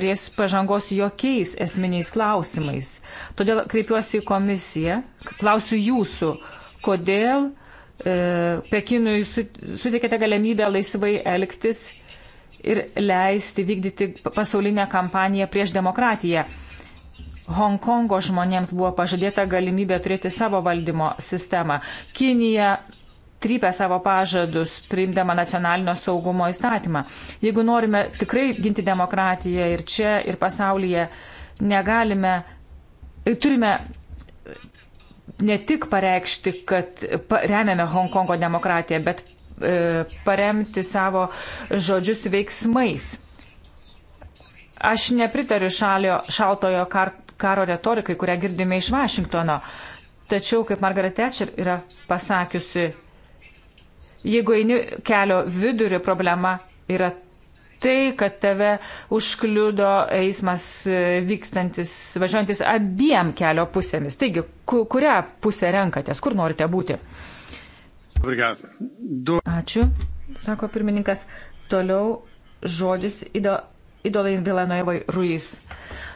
norės pažangos jokiais esminiais klausimais. Todėl kreipiuosi į komisiją, klausiu jūsų, kodėl e, Pekinui suteikėte galimybę laisvai elgtis ir leisti vykdyti pasaulinę kampaniją prieš demokratiją. Hongkongo žmonėms buvo pažadėta galimybė turėti savo valdymo sistemą. Kinija trypia savo pažadus, priimdama nacionalinio saugumo įstatymą. Jeigu norime tikrai ginti demokratiją ir čia, ir pasaulyje, negalime, turime ne tik pareikšti, kad remiame Hongkongo demokratiją, bet e, paremti savo žodžius veiksmais. Aš nepritariu šalio, šaltojo kar, karo retorikai, kurią girdime iš Vašingtono. Tačiau, kaip Margaret Thatcher yra pasakiusi, Jeigu eini kelio vidurį, problema yra tai, kad tave užkliudo eismas e, vykstantis, važiuojantis abiem kelio pusėmis. Taigi, ku, kurią pusę renkatės, kur norite būti? Ačiū, sako pirmininkas. Toliau žodis Ido, idolai Vilanoevai Ruiz.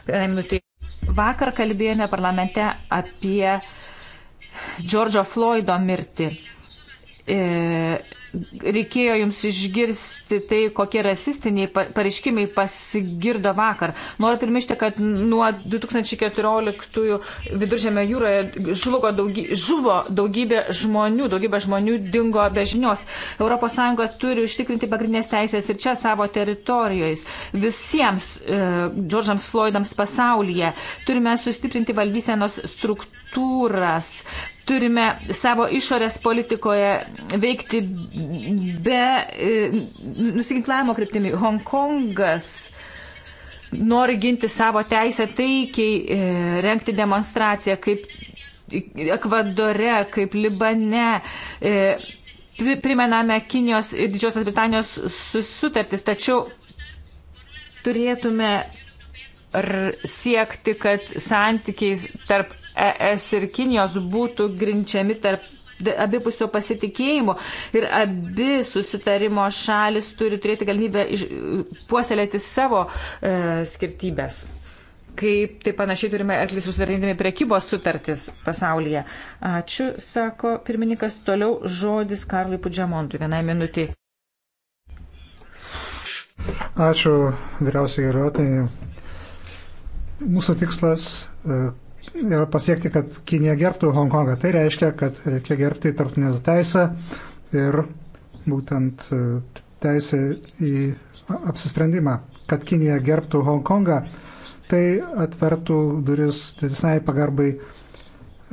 Vienai minutį. Vakar kalbėjome parlamente apie Džordžo Floido mirtį. E, reikėjo jums išgirsti tai, kokie rasistiniai pareiškimai pasigirdo vakar. Noriu priminti, kad nuo 2014 viduržėme jūroje žlugo daugy, žuvo daugybė žmonių, daugybė žmonių dingo be žinios. ES turi užtikrinti pagrindinės teisės ir čia savo teritorijojais. Visiems e, Džordžams Floydams pasaulyje turime sustiprinti valdysenos struktūras, turime savo išorės politikoje veikti be e, nusiginklavimo kryptimi. Hongkongas nori ginti savo teisę taikiai e, renkti demonstraciją kaip Ekvadore, kaip Libane. E, primename Kinijos ir Didžiosios Britanijos sutartis, tačiau turėtume siekti, kad santykiais tarp ES ir Kinijos būtų grinčiami tarp abipusio pasitikėjimo ir abi susitarimo šalis turi turėti galimybę iš, puoselėti savo e, skirtybės. Kaip tai panašiai turime atlikti susidarindami prekybos sutartis pasaulyje. Ačiū, sako pirmininkas. Toliau žodis Karlui Pudžiamontui. Vienai minutį. Ačiū, vyriausiai įrodai. Mūsų tikslas e, yra pasiekti, kad Kinija gerbtų Hongkongą. Tai reiškia, kad reikia gerbti tarptautinę teisę ir būtent e, teisę į apsisprendimą. Kad Kinija gerbtų Hongkongą, tai atvertų duris didesnai pagarbai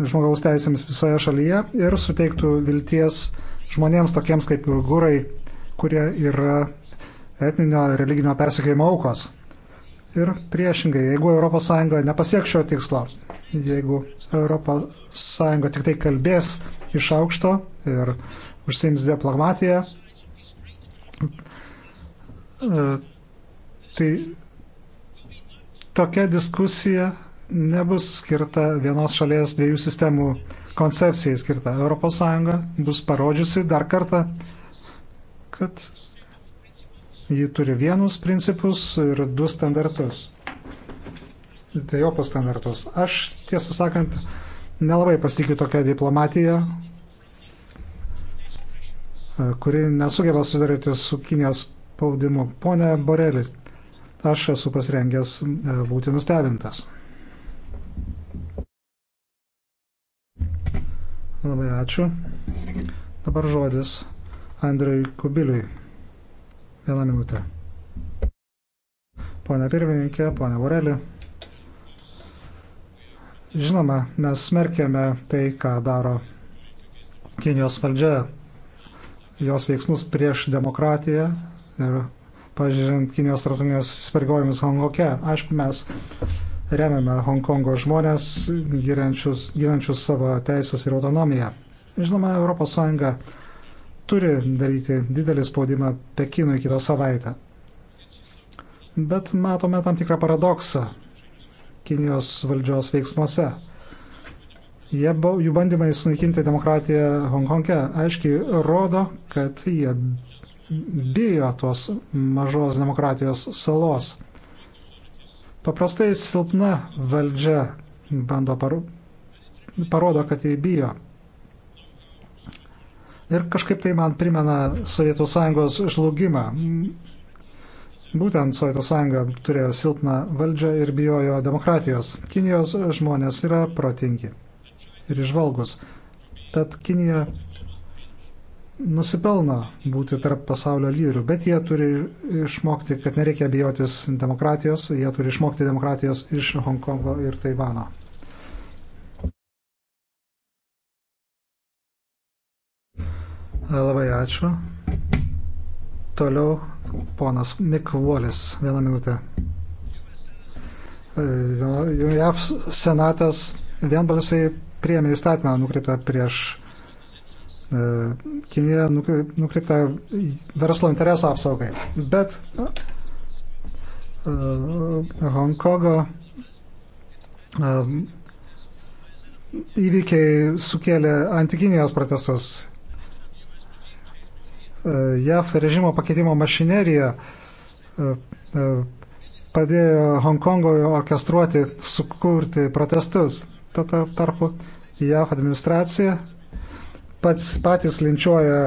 žmogaus teisėms visoje šalyje ir suteiktų vilties žmonėms tokiems kaip uigurai, kurie yra etninio religinio persikėjimo aukos. Ir priešingai, jeigu ES nepasieks šio tikslo, jeigu ES tik tai kalbės iš aukšto ir užsiims diplomatiją, e, tai tokia diskusija nebus skirta vienos šalies dviejų sistemų koncepcijai skirta. ES bus parodžiusi dar kartą, kad Ji turi vienus principus ir du standartus. Dviejopos tai standartus. Aš, tiesą sakant, nelabai pasitikiu tokią diplomatiją, kuri nesugeba sudaryti su Kinijos spaudimu. Pone Borelį, aš esu pasirengęs e, būti nustebintas. Labai ačiū. Dabar žodis Andriui Kubiliui. Vieną minutę. Pone pirmininkė, pone Vorelė. Žinoma, mes smerkėme tai, ką daro Kinijos valdžia, jos veiksmus prieš demokratiją ir pažiūrint Kinijos strateginius įsipareigojimus Hongkonge. Aišku, mes remiame Hongkongo žmonės, gyvenančius savo teisės ir autonomiją. Žinoma, ES turi daryti didelį spaudimą Pekinui kitą savaitę. Bet matome tam tikrą paradoksą Kinijos valdžios veiksmuose. Jie, jų bandymai sunaikinti demokratiją Hongkonge aiškiai rodo, kad jie bijo tos mažos demokratijos salos. Paprastai silpna valdžia bando paru, parodo, kad jie bijo. Ir kažkaip tai man primena Sovietų sąjungos žlugimą. Būtent Sovietų sąjunga turėjo silpną valdžią ir bijojo demokratijos. Kinijos žmonės yra protingi ir išvalgus. Tad Kinija nusipelno būti tarp pasaulio lyderių, bet jie turi išmokti, kad nereikia bijotis demokratijos, jie turi išmokti demokratijos iš Hongkongo ir Taivano. Labai ačiū. Toliau ponas Mik Volis, vieną minutę. E, JAV senatas vienbalsiai priėmė įstatymą nukreiptą prieš e, Kiniją, nukreiptą verslo interesų apsaugai. Bet e, Hongkongo įvykiai sukėlė antikinijos protestus E, JAF režimo pakeitimo mašinerija e, e, padėjo Hongkongui orkestruoti, sukurti protestus. Tuo tarpu JAF administracija pats, patys linčiuoja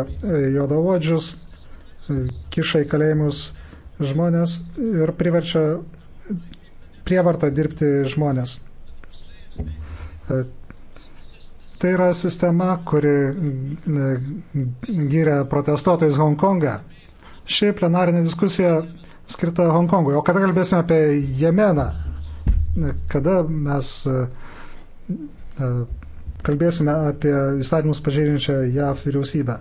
juodavodžius, kiša į kalėjimus žmonės ir priverčia prievartą dirbti žmonės. Tai yra sistema, kuri gyrė protestuotojus Hongkongą. Ši plenarinė diskusija skirta Hongkongui. O kada kalbėsime apie Jemeną? Kada mes e, e, kalbėsime apie įstatymus pažeidžiančią JAV vyriausybę?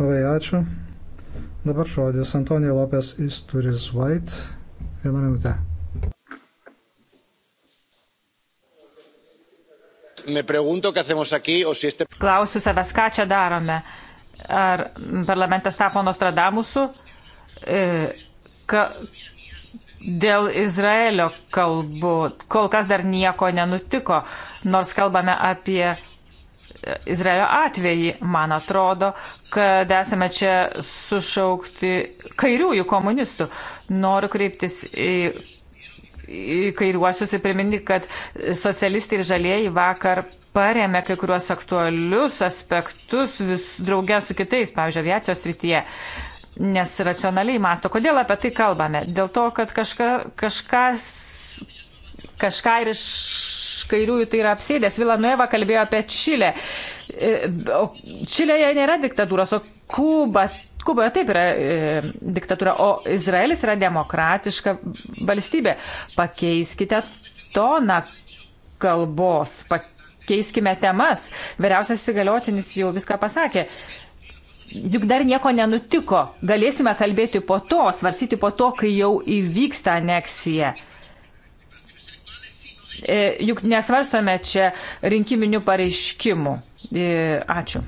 Labai ačiū. Dabar žodis Antonija Lopes Isturis White. Vieną minutę. Klausiu savęs, ką čia darome. Ar parlamentas tapo Nostradamusu e, ka, dėl Izraelio kalbų? Kol kas dar nieko nenutiko, nors kalbame apie Izraelio atvejį, man atrodo, kad esame čia sušaukti kairiųjų komunistų. Noriu kreiptis į kai ruošiuosi priminti, kad socialistai ir žalieji vakar paremė kai kuriuos aktualius aspektus vis draugė su kitais, pavyzdžiui, aviacijos rytyje. Nes racionaliai masto. Kodėl apie tai kalbame? Dėl to, kad kažka, kažkas, kažką ir iš kairiųjų tai yra apsėdęs. Vilanueva kalbėjo apie Čilę. E, Čilėje nėra diktatūros, o Kuba Kuboje taip yra e, diktatūra, o Izraelis yra demokratiška valstybė. Pakeiskite toną kalbos, pakeiskime temas. Vyriausias įgaliotinis jau viską pasakė. Juk dar nieko nenutiko. Galėsime kalbėti po to, svarsyti po to, kai jau įvyksta aneksija. E, juk nesvarstome čia rinkiminių pareiškimų. E, ačiū.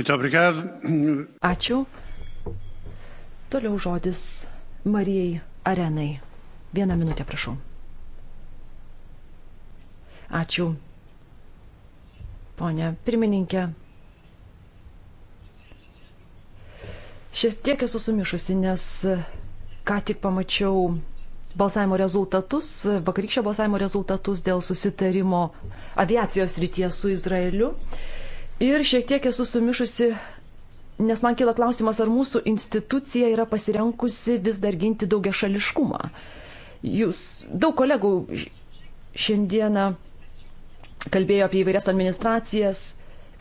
Ačiū. Toliau žodis Marijai Arenai. Vieną minutę, prašau. Ačiū. Pone pirmininkė. Šiek tiek esu sumišusi, nes ką tik pamačiau balsavimo rezultatus, vakarykščio balsavimo rezultatus dėl susitarimo aviacijos ryties su Izraeliu. Uh, Ir šiek tiek esu sumišusi, nes man kyla klausimas, ar mūsų institucija yra pasirenkusi vis dar ginti daugia šališkumą. Jūs, daug kolegų šiandieną kalbėjo apie įvairias administracijas,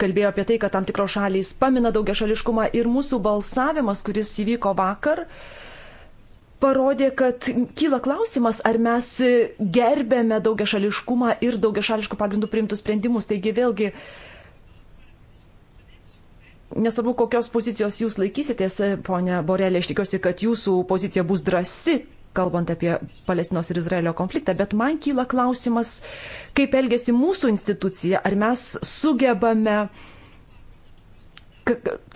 kalbėjo apie tai, kad tam tikros šalys pamina daugia šališkumą ir mūsų balsavimas, kuris įvyko vakar, parodė, kad kyla klausimas, ar mes gerbėme daugia šališkumą ir daugia šališkų pagrindų priimtus sprendimus. Taigi vėlgi Nesvarbu, kokios pozicijos jūs laikysitės, ponia Borelė, aš tikiuosi, kad jūsų pozicija bus drasi, kalbant apie Palestinos ir Izraelio konfliktą, bet man kyla klausimas, kaip elgesi mūsų institucija, ar mes sugebame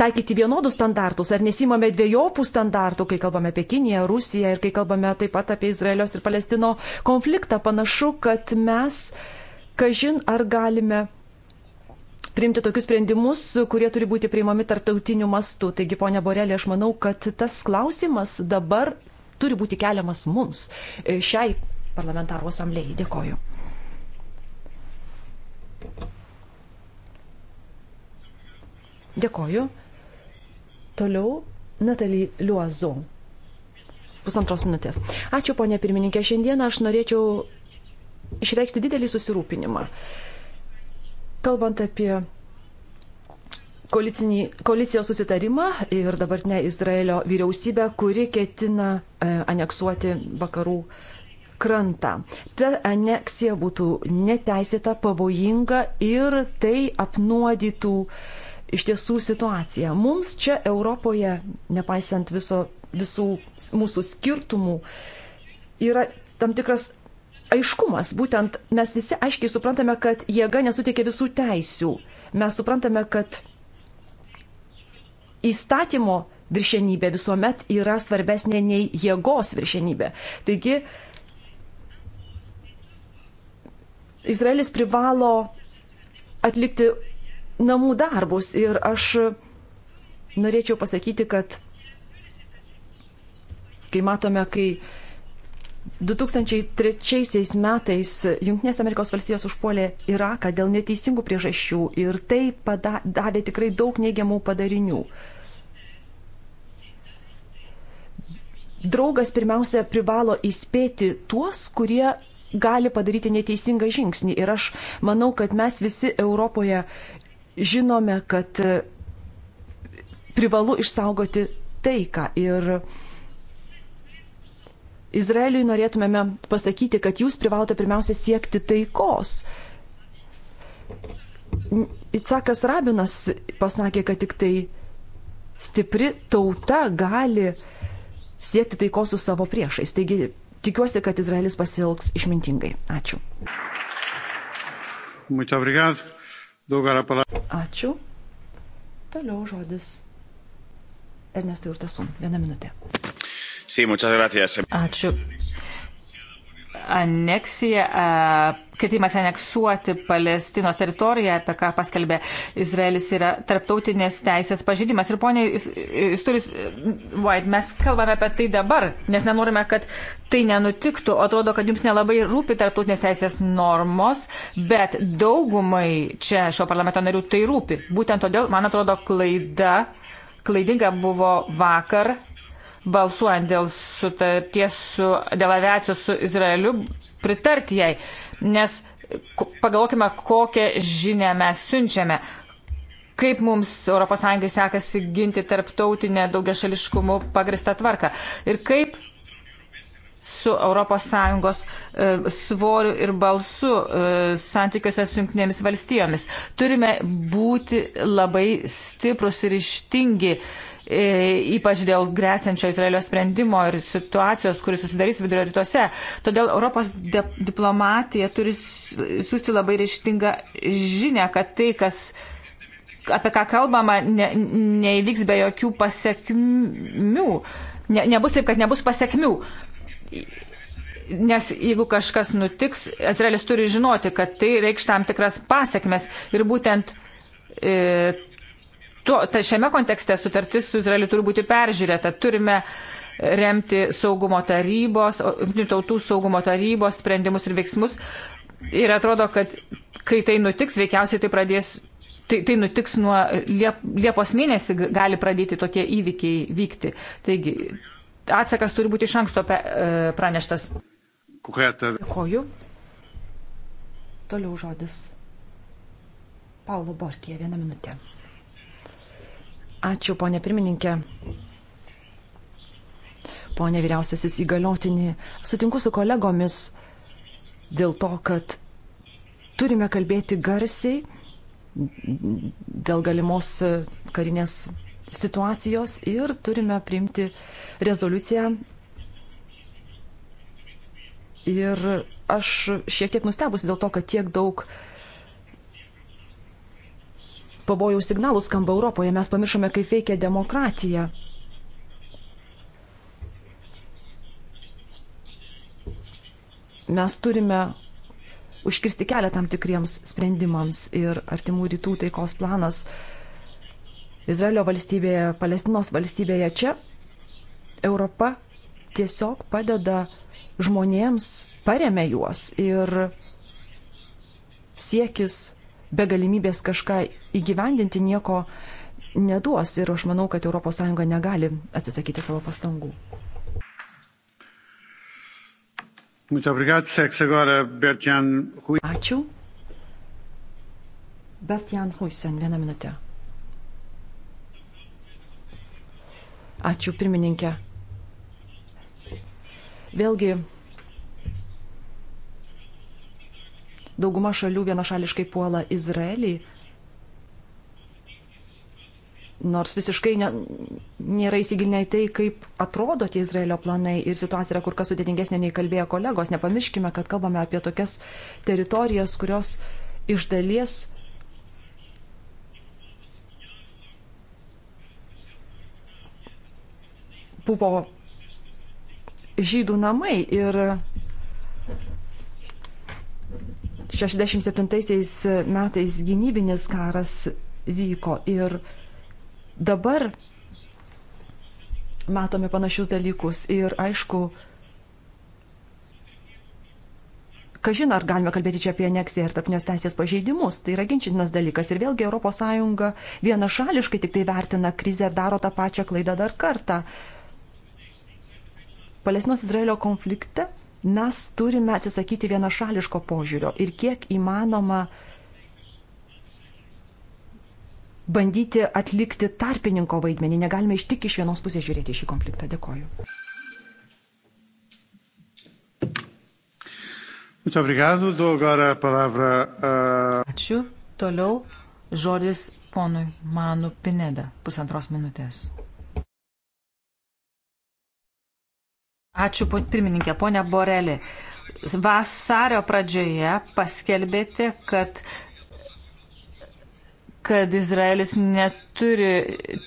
taikyti vienodus standartus, ar nesimame dviejopų standartų, kai kalbame apie Kiniją, Rusiją ir kai kalbame taip pat apie Izraelios ir Palestino konfliktą. Panašu, kad mes, kažin, ar galime priimti tokius sprendimus, kurie turi būti priimami tarptautiniu mastu. Taigi, ponia Borelė, aš manau, kad tas klausimas dabar turi būti keliamas mums, e, šiai parlamentarų asamblėjai. Dėkoju. Dėkoju. Toliau Natalija Liuazo. Pusantros minutės. Ačiū, ponė pirmininkė. Šiandieną aš norėčiau išreikšti didelį susirūpinimą. Uh, Kalbant apie koalicinį, koalicijos susitarimą ir dabartinę Izraelio vyriausybę, kuri ketina e, aneksuoti vakarų krantą. Ta aneksija būtų neteisėta, pavojinga ir tai apnuodytų iš tiesų situaciją. Mums čia Europoje, nepaisant viso, visų mūsų skirtumų, yra tam tikras aiškumas. Būtent mes visi aiškiai suprantame, kad jėga nesuteikia visų teisių. Mes suprantame, kad įstatymo viršenybė visuomet yra svarbesnė nei jėgos viršenybė. Taigi, Izraelis privalo atlikti namų darbus ir aš norėčiau pasakyti, kad kai matome, kai 2003 metais Junktinės Amerikos valstijos užpuolė Iraką dėl neteisingų priežasčių ir tai pada, davė tikrai daug neigiamų padarinių. Draugas pirmiausia privalo įspėti tuos, kurie gali padaryti neteisingą žingsnį. Ir aš manau, kad mes visi Europoje žinome, kad privalu išsaugoti taiką. Ir Izraeliui norėtumėme pasakyti, kad jūs privalote pirmiausia siekti taikos. Icakas Rabinas pasakė, kad tik tai stipri tauta gali siekti taikos su savo priešais. Taigi tikiuosi, kad Izraelis pasilgs išmintingai. Ačiū. Ačiū. Toliau žodis Ernestui Urtasum. Vieną minutę. Sí, muchas gracias. Ačiū. Aneksija, ketimas aneksuoti Palestinos teritoriją, apie ką paskelbė Izraelis, yra tarptautinės teisės pažydimas. Ir ponė, jis turi, White, mes kalbame apie tai dabar, nes nenorime, kad tai nenutiktų. Atrodo, kad jums nelabai rūpi tarptautinės teisės normos, bet daugumai čia šio parlamento narių tai rūpi. Būtent todėl, man atrodo, klaida, klaidinga buvo vakar balsuojant dėl sutarties su, dėl aviacijos su Izraeliu, pritarti jai. Nes pagalvokime, kokią žinę mes siunčiame. Kaip mums ES sekasi ginti tarptautinę daugiašališkumu pagristą tvarką. Ir kaip su ES e, svoriu ir balsu e, santykiuose su jungtinėmis valstijomis. Turime būti labai stiprus ir ištingi E, ypač dėl grėsiančio Izraelio sprendimo ir situacijos, kuris susidarys vidurio rytuose. Todėl Europos diplomatija turi siūsti labai ryštingą žinę, kad tai, kas apie ką kalbama, ne, neįvyks be jokių pasiekmių. Ne, nebus taip, kad nebus pasiekmių. Nes jeigu kažkas nutiks, Izraelis turi žinoti, kad tai reikš tam tikras pasiekmes. Ir būtent e, to, ta, šiame kontekste sutartis su Izraeliu turi būti peržiūrėta. Turime remti saugumo tarybos, tautų saugumo tarybos sprendimus ir veiksmus. Ir atrodo, kad kai tai nutiks, veikiausiai tai pradės. Tai, tai nutiks nuo liep, Liepos mėnesį gali pradėti tokie įvykiai vykti. Taigi atsakas turi būti iš anksto pe, e, praneštas. Dėkoju. Toliau žodis. Paulo Borkė, vieną minutę. Ačiū, ponė pirmininkė. Pone vyriausiasis įgaliotinį, sutinku su kolegomis dėl to, kad turime kalbėti garsiai dėl galimos karinės situacijos ir turime priimti rezoliuciją. Ir aš šiek tiek nustebusi dėl to, kad tiek daug uh, pavojaus signalų skamba Europoje. Mes pamiršome, kaip veikia demokratija. Mes turime užkirsti kelią tam tikriems sprendimams ir artimų rytų taikos planas Izraelio valstybėje, Palestinos valstybėje čia Europa tiesiog padeda žmonėms, paremia juos ir siekis be galimybės kažką įgyvendinti nieko neduos. Ir aš manau, kad ES negali atsisakyti savo pastangų. Ačiū. Bertjan Huisen, vieną minutę. Ačiū, pirmininkė. Vėlgi, dauguma šalių vienašališkai puola Izraelį, nors visiškai ne, nėra įsigilinę į tai, kaip atrodo tie Izraelio planai ir situacija yra kur kas sudėtingesnė nei kalbėjo kolegos. Nepamirškime, kad kalbame apie tokias teritorijas, kurios iš dalies buvo žydų namai ir 67 metais gynybinis karas vyko ir dabar matome panašius dalykus ir aišku, kažin ar galime kalbėti čia apie aneksiją ir tapnios teisės pažeidimus, tai yra ginčytinas dalykas. Ir vėlgi ES vienašališkai tik tai vertina krizę ir daro tą pačią klaidą dar kartą. Palestinos Izraelio konflikte mes turime atsisakyti vienašališko požiūrio ir kiek įmanoma bandyti atlikti tarpininko vaidmenį. Negalime iš tik iš vienos pusės žiūrėti šį konfliktą. Dėkoju. Ah, Ačiū. Toliau žodis ponui Manu Pineda. Pusantros minutės. Ačiū pirmininkė, ponia Borelė. Vasario pradžioje paskelbėte, kad kad Izraelis neturi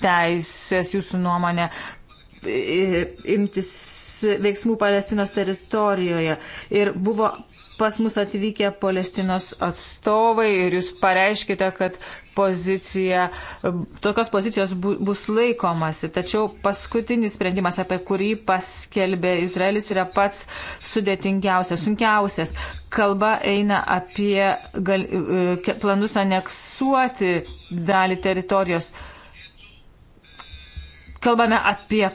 teisės, jūsų nuomonė, imtis veiksmų Palestinos teritorijoje. Ir buvo pas mus atvykę Palestinos atstovai ir jūs pareiškite, kad pozicija, tokios pozicijos bus laikomasi. Tačiau paskutinis sprendimas, apie kurį paskelbė Izraelis, yra pats sudėtingiausias, sunkiausias. Kalba eina apie gal, e, planus aneksuoti dalį teritorijos. Kalbame apie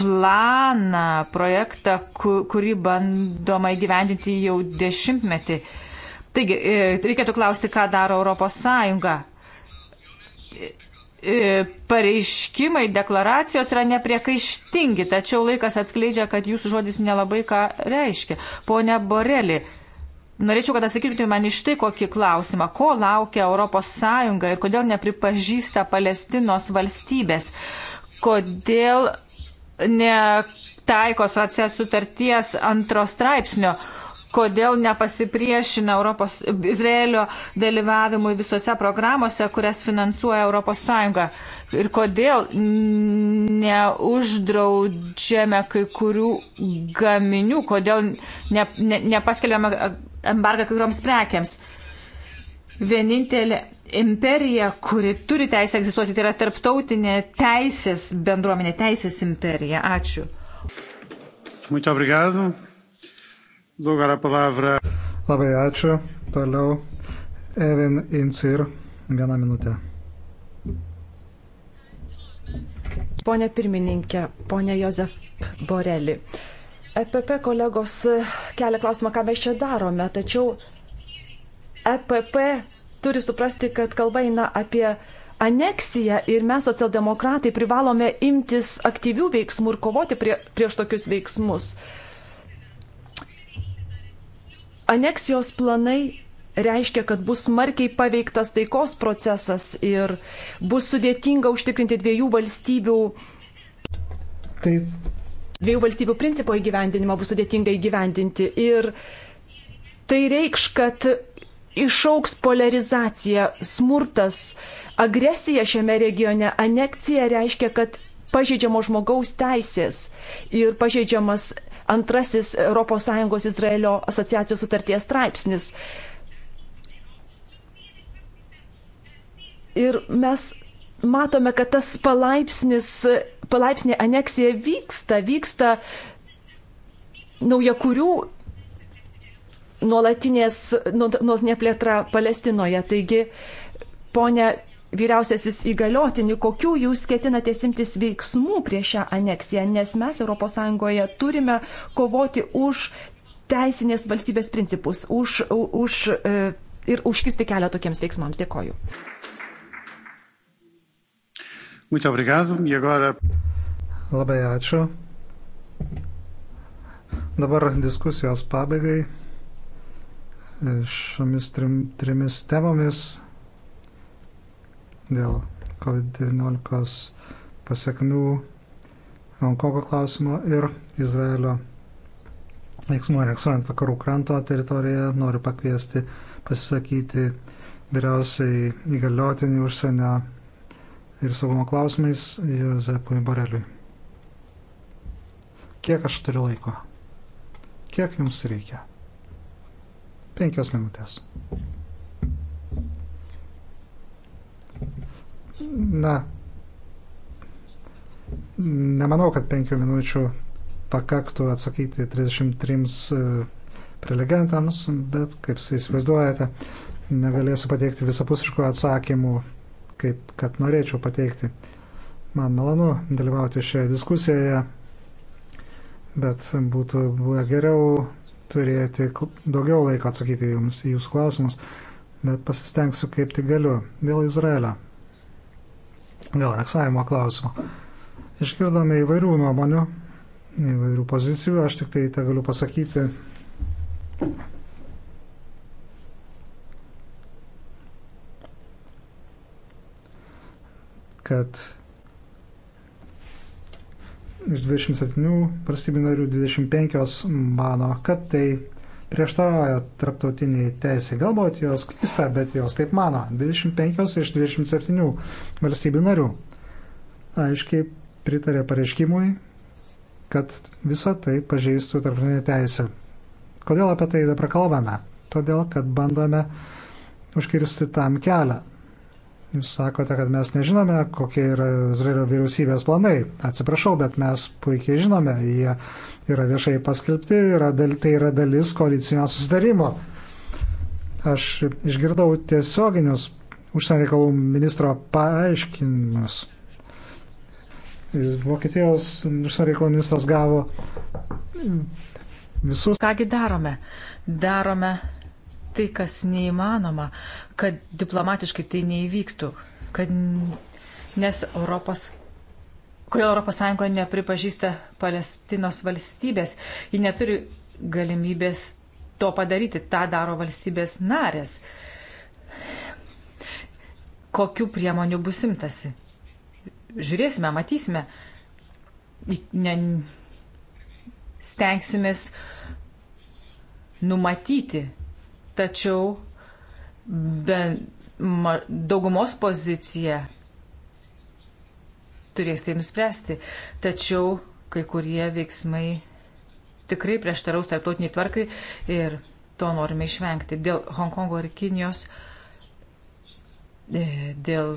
planą, projektą, kurį bandoma įgyvendinti jau dešimtmetį. Taigi, e, reikėtų klausti, ką daro Europos Sąjunga. E, pareiškimai, deklaracijos yra nepriekaištingi, tačiau laikas atskleidžia, kad jūsų žodis nelabai ką reiškia. Pone Borelį, norėčiau, kad atsakytumėte man iš tai kokį klausimą. Ko laukia ES ir kodėl nepripažįsta Palestinos valstybės? Kodėl netaiko asociacijos sutarties antro straipsnio? kodėl nepasipriešina Europos, Izraelio dalyvavimui visose programuose, kurias finansuoja ES. Ir kodėl neuždraudžiame kai kurių gaminių, kodėl ne, ne, nepaskelbėme embargą kai kurioms prekiams. Vienintelė imperija, kuri turi teisę egzistuoti, tai yra tarptautinė teisės bendruomenė, teisės imperija. Ačiū. Muito obrigado. Labai ačiū. Toliau Evin Incir. Vieną minutę. Pone pirmininkė, ponė Jozef Borelį. EPP kolegos kelia klausimą, ką mes čia darome, tačiau EPP turi suprasti, kad kalba eina apie aneksiją ir mes, socialdemokratai, privalome imtis aktyvių veiksmų ir kovoti prie, prieš tokius veiksmus. Uh, aneksijos planai reiškia, kad bus smarkiai paveiktas taikos procesas ir bus sudėtinga užtikrinti dviejų valstybių. Taip. Dviejų valstybių principo įgyvendinimą bus sudėtinga įgyvendinti. Ir tai reikš, kad išauks polarizacija, smurtas, agresija šiame regione. Anekcija reiškia, kad pažeidžiamos žmogaus teisės ir pažeidžiamas antrasis ES Izraelio asociacijos sutarties straipsnis. Ir mes matome, kad tas palaipsnis, palaipsnė aneksija vyksta, vyksta naujakurių nuolatinės, nuolatinė plėtra Palestinoje. Taigi, ponia vyriausiasis įgaliotinį, kokių jūs ketinate simtis veiksmų prieš šią aneksiją, nes mes ES turime kovoti už teisinės valstybės principus, už, už, e, ir užkisti kelią tokiems veiksmams. Dėkoju. E Labai ačiū. Dabar diskusijos pabaigai e, šiomis trim, trimis temomis dėl COVID-19 pasiekmių Honkongo klausimo ir Izraelio veiksmų aneksuojant vakarų kranto teritoriją. Noriu pakviesti pasisakyti vyriausiai įgaliotinį užsienio ir saugumo klausimais Josepui Boreliui. Kiek aš turiu laiko? Kiek jums reikia? Penkios minutės. Na, nemanau, kad penkių minučių pakaktų atsakyti 33 e, prelegentams, bet, kaip įsivaizduojate, negalėsiu pateikti visapusiškų atsakymų, kaip kad norėčiau pateikti. Man malonu dalyvauti šioje diskusijoje, bet būtų buvę geriau turėti daugiau laiko atsakyti jums į jūsų klausimus, bet pasistengsiu kaip tik galiu dėl Izraelio dėl aneksavimo klausimo. Išgirdome įvairių nuomonių, įvairių pozicijų, aš tik tai tą galiu pasakyti. kad iš 27 valstybių narių 25 mano, kad tai prieštarauja tarptautiniai teisė. Galbūt jos klysta, bet jos taip mano. 25 iš 27 valstybių narių aiškiai pritarė pareiškimui, kad visa tai pažeistų tarptautinę teisę. Kodėl apie tai dabar kalbame? Todėl, kad bandome užkirsti tam kelią. Jūs sakote, kad mes nežinome, kokie yra Izraelio vyriausybės planai. Atsiprašau, bet mes puikiai žinome, jie yra viešai paskelbti, yra dal, tai yra dalis koalicinio susidarimo. Aš išgirdau tiesioginius užsienio reikalų ministro paaiškinimus. Vokietijos užsienio reikalų ministras gavo visus. Kągi darome? Darome tai, kas neįmanoma, kad diplomatiškai tai neįvyktų, kad nes Europos. Kodėl ES nepripažįsta Palestinos valstybės? Ji neturi galimybės to padaryti. Ta daro valstybės narės. Kokių priemonių bus imtasi? Žiūrėsime, matysime. Ne, stengsimės numatyti Tačiau be, ma, daugumos pozicija turės tai nuspręsti. Tačiau kai kurie veiksmai tikrai prieštaraus tarptautiniai tvarkai ir to norime išvengti. Dėl Hongkongo ir Kinijos, e, dėl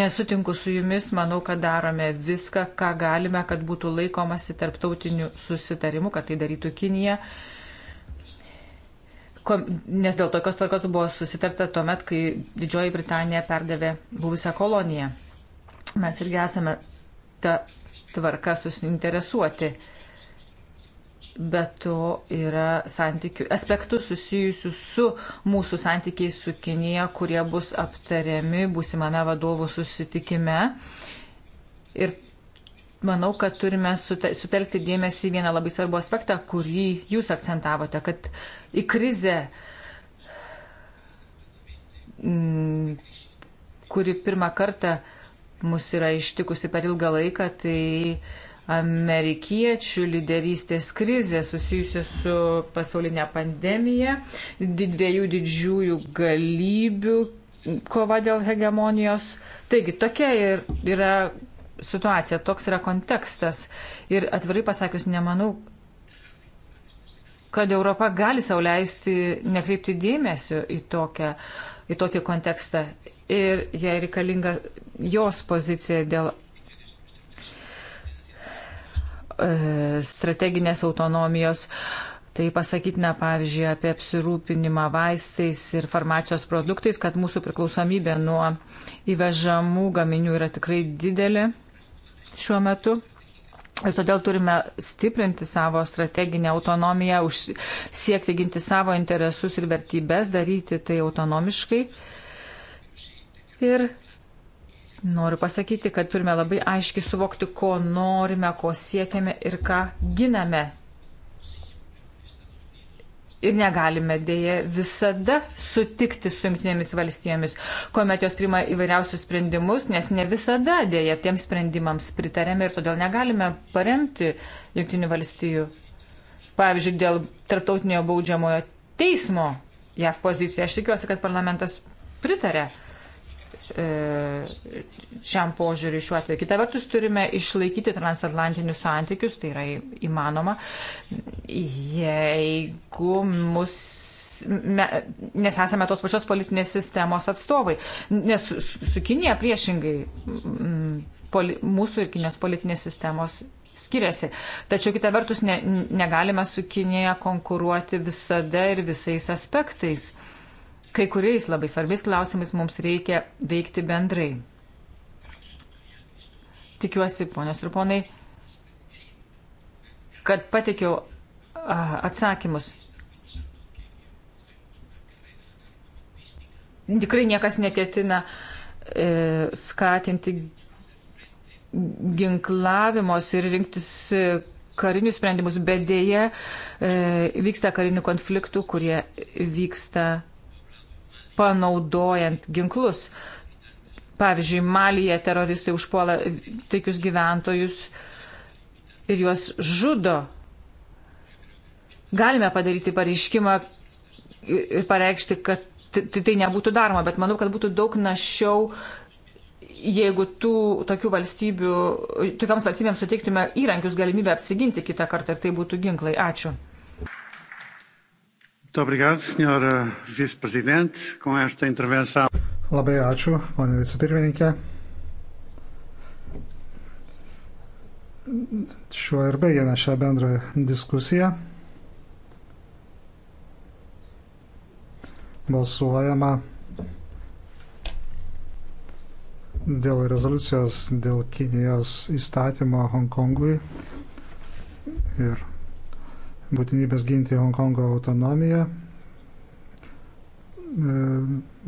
nesutinku su jumis, manau, kad darome viską, ką galime, kad būtų laikomasi tarptautinių susitarimų, kad tai darytų Kinija nes dėl tokios tvarkos buvo susitarta tuo met, kai Didžioji Britanija perdavė buvusią koloniją. Mes irgi esame tą tvarką susinteresuoti. Be to yra santykių, aspektų susijusių su mūsų santykiais su Kinija, kurie bus aptariami būsimame vadovų susitikime. Ir manau, kad turime sutelkti dėmesį į vieną labai svarbų aspektą, kurį jūs akcentavote, kad į krizę, mm, kuri pirmą kartą mus yra ištikusi per ilgą laiką, tai amerikiečių lyderystės krizė susijusi su pasaulinė pandemija, dviejų didžiųjų galybių kova dėl hegemonijos. Taigi tokia ir yra situacija, toks yra kontekstas. Ir atvirai pasakius, nemanau, kad Europa gali sauliaisti nekreipti dėmesio į, tokią, į tokį kontekstą. Ir jai reikalinga jos pozicija dėl e, strateginės autonomijos. Tai pasakytina, pavyzdžiui, apie apsirūpinimą vaistais ir farmacijos produktais, kad mūsų priklausomybė nuo įvežamų gaminių yra tikrai didelė šiuo metu. Ir todėl turime stiprinti savo strateginę autonomiją, už, siekti ginti savo interesus ir vertybės, daryti tai autonomiškai. Ir Noriu pasakyti, kad turime labai aiškiai suvokti, ko norime, ko siekiame ir ką giname ir negalime dėje visada sutikti su jungtinėmis valstijomis, kuomet jos priima įvairiausius sprendimus, nes ne visada dėje tiems sprendimams pritarėme ir todėl negalime paremti jungtinių valstijų. Pavyzdžiui, dėl tarptautinio baudžiamojo teismo JAV pozicija. Aš tikiuosi, kad parlamentas pritarė E, šiam požiūriu šiuo atveju. Kita vertus, turime išlaikyti transatlantinius santykius, tai yra įmanoma, jeigu mus. Me, nes esame tos pačios politinės sistemos atstovai. Nes su, su Kinija priešingai mm, poli, mūsų ir Kinijos politinės sistemos skiriasi. Tačiau kita vertus ne, negalime su Kinija konkuruoti visada ir visais aspektais. Uh, kai kuriais labai svarbiais klausimais mums reikia veikti bendrai. Tikiuosi, ponios ir ponai, kad patikiau atsakymus. Tikrai niekas neketina e, skatinti ginklavimos ir rinktis e, karinius sprendimus, bet dėje e, vyksta karinių konfliktų, kurie vyksta panaudojant ginklus. Pavyzdžiui, Malyje teroristai užpuola taikius gyventojus ir juos žudo. Galime padaryti pareiškimą ir pareikšti, kad tai nebūtų daroma, bet manau, kad būtų daug našiau, jeigu tų tokių valstybių, tokioms valstybėms suteiktume įrankius galimybę apsiginti kitą kartą ir tai būtų ginklai. Ačiū. Labai ačiū, ponė vicepirmininkė. Šiuo ir baigėme šią bendrą diskusiją. Balsuojama dėl rezoliucijos dėl Kinijos įstatymo Hongkongui ir būtinybės ginti Hongkongo autonomiją. E,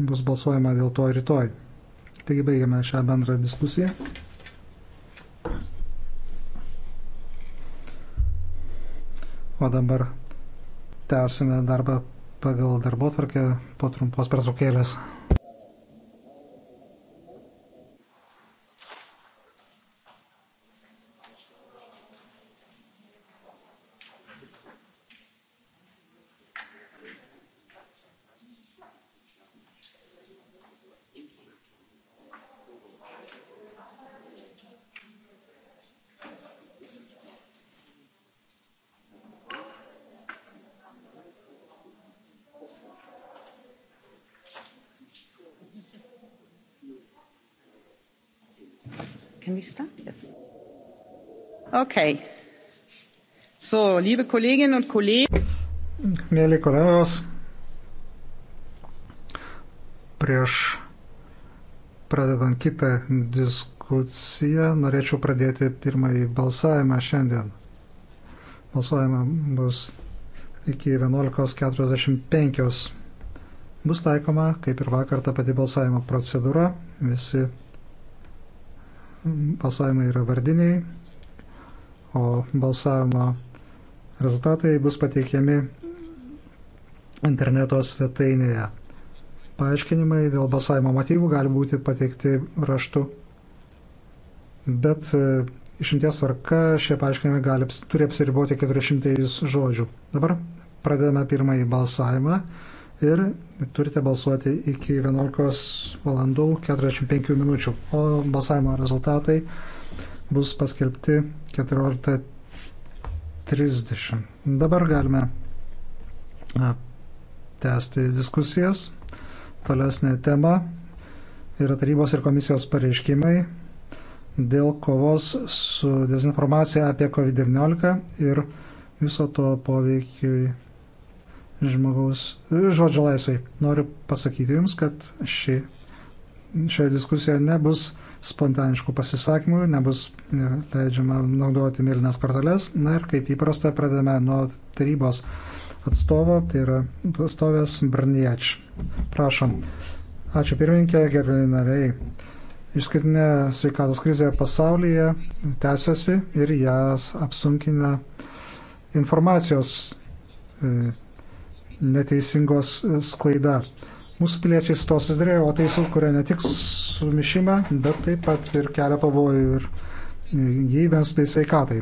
bus balsuojama dėl to rytoj. Taigi baigiame šią bendrą diskusiją. O dabar tęsime darbą pagal darbo tvarkę po trumpos pertraukėlės. liebe Kolleginnen und Kollegen. Mėly kolegos, prieš pradedant kitą diskusiją, norėčiau pradėti pirmąjį balsavimą šiandien. Balsuojama bus iki 11.45. Bus taikoma, kaip ir vakar, ta pati balsavimo procedūra. Visi balsavimai yra vardiniai, o balsavimo Rezultatai bus pateikiami interneto svetainėje. Paaiškinimai dėl balsavimo motyvų gali būti pateikti raštu, bet e, išimties tvarka šie paaiškinimai gali, turi apsiriboti 400 žodžių. Dabar pradedame pirmąjį balsavimą ir turite balsuoti iki 11 valandų 45 minučių, o balsavimo rezultatai bus paskelbti 14. 30. Dabar galime tęsti diskusijas. Tolesnė tema yra tarybos ir komisijos pareiškimai dėl kovos su dezinformacija apie COVID-19 ir viso to poveikiui žmogaus žodžio laisvai. Noriu pasakyti Jums, kad ši, šioje diskusijoje nebus spontaniškų pasisakymų, nebus leidžiama naudoti mėlynas korteles. Na ir kaip įprasta, pradedame nuo tarybos atstovo, tai yra atstovės Brnieč. Prašom. Ačiū pirmininkė, gerbėjai nariai. Išskirtinė sveikatos krizė pasaulyje tęsiasi ir ją apsunkina informacijos e, neteisingos sklaida. Mūsų piliečiai su to susidrėjo, o tai sukuria ne tik sumišimą, bet taip pat ir kelia pavojų ir e, gyvybėms bei sveikatai.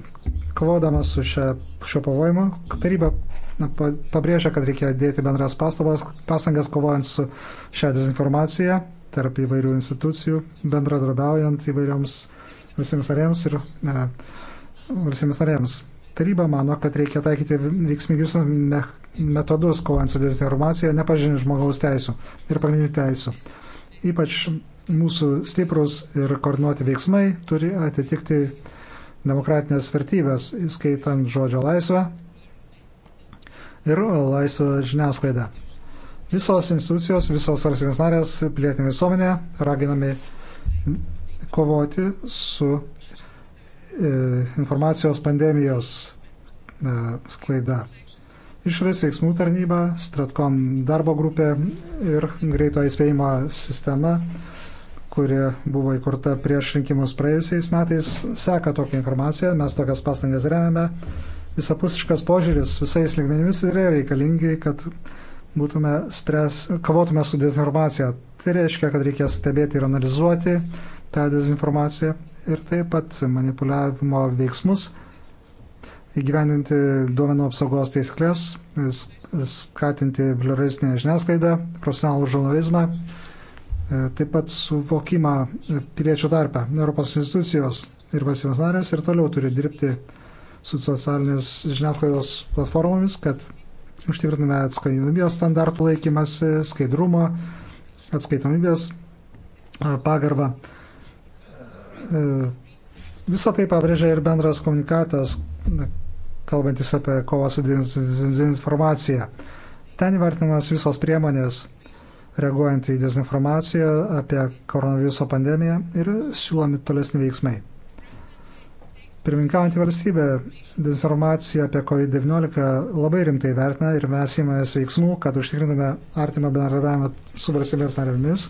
Kovodamas su šia, šio pavojimu, taryba na, pabrėžia, kad reikia dėti bendras pastabas, pasangas kovojant su šią dezinformaciją tarp įvairių institucijų, bendradarbiaujant įvairioms valstybės narėms ir e, valstybės narėms. Taryba mano, kad reikia taikyti veiksmingius me metodus kovant su dezinformacija, nepažinė žmogaus teisų ir pagrindinių teisų. Ypač mūsų stiprus ir koordinuoti veiksmai turi atitikti demokratinės vertybės, įskaitant žodžio laisvę ir laisvą žiniasklaidą. Visos institucijos, visos valstybės narės, pilietinė visuomenė raginami kovoti su e, informacijos pandemijos e, sklaida. Išvės veiksmų tarnyba, Stratkom darbo grupė ir greito įspėjimo sistema, kuri buvo įkurta prieš rinkimus praėjusiais metais, seka tokią informaciją, mes tokias pastangas remiame. Visapusiškas požiūris visais lygmenimis yra reikalingi, kad būtume stres, kovotume su dezinformacija. Tai reiškia, kad reikia stebėti ir analizuoti tą dezinformaciją ir taip pat manipuliavimo veiksmus įgyvendinti duomenų apsaugos teisklės, skatinti pluralistinę žiniasklaidą, profesionalų žurnalizmą, e, taip pat suvokimą piliečių tarpę. Europos institucijos ir valstybės narės ir toliau turi dirbti su socialinės žiniasklaidos platformomis, kad užtikrintume atskaitomybės standartų laikymasi, skaidrumo, atskaitomybės e, pagarbą. E, Visą tai pabrėžia ir bendras komunikatas, kalbantis apie kovą su dezinformacija. Ten įvertinamas visos priemonės reaguojant į dezinformaciją apie koronaviruso pandemiją ir siūlomi tolesni veiksmai. Pirminkaujantį valstybę dezinformaciją apie COVID-19 labai rimtai vertina ir mes įmės veiksmų, kad užtikrintume artimą bendradarbiavimą su valstybės narėmis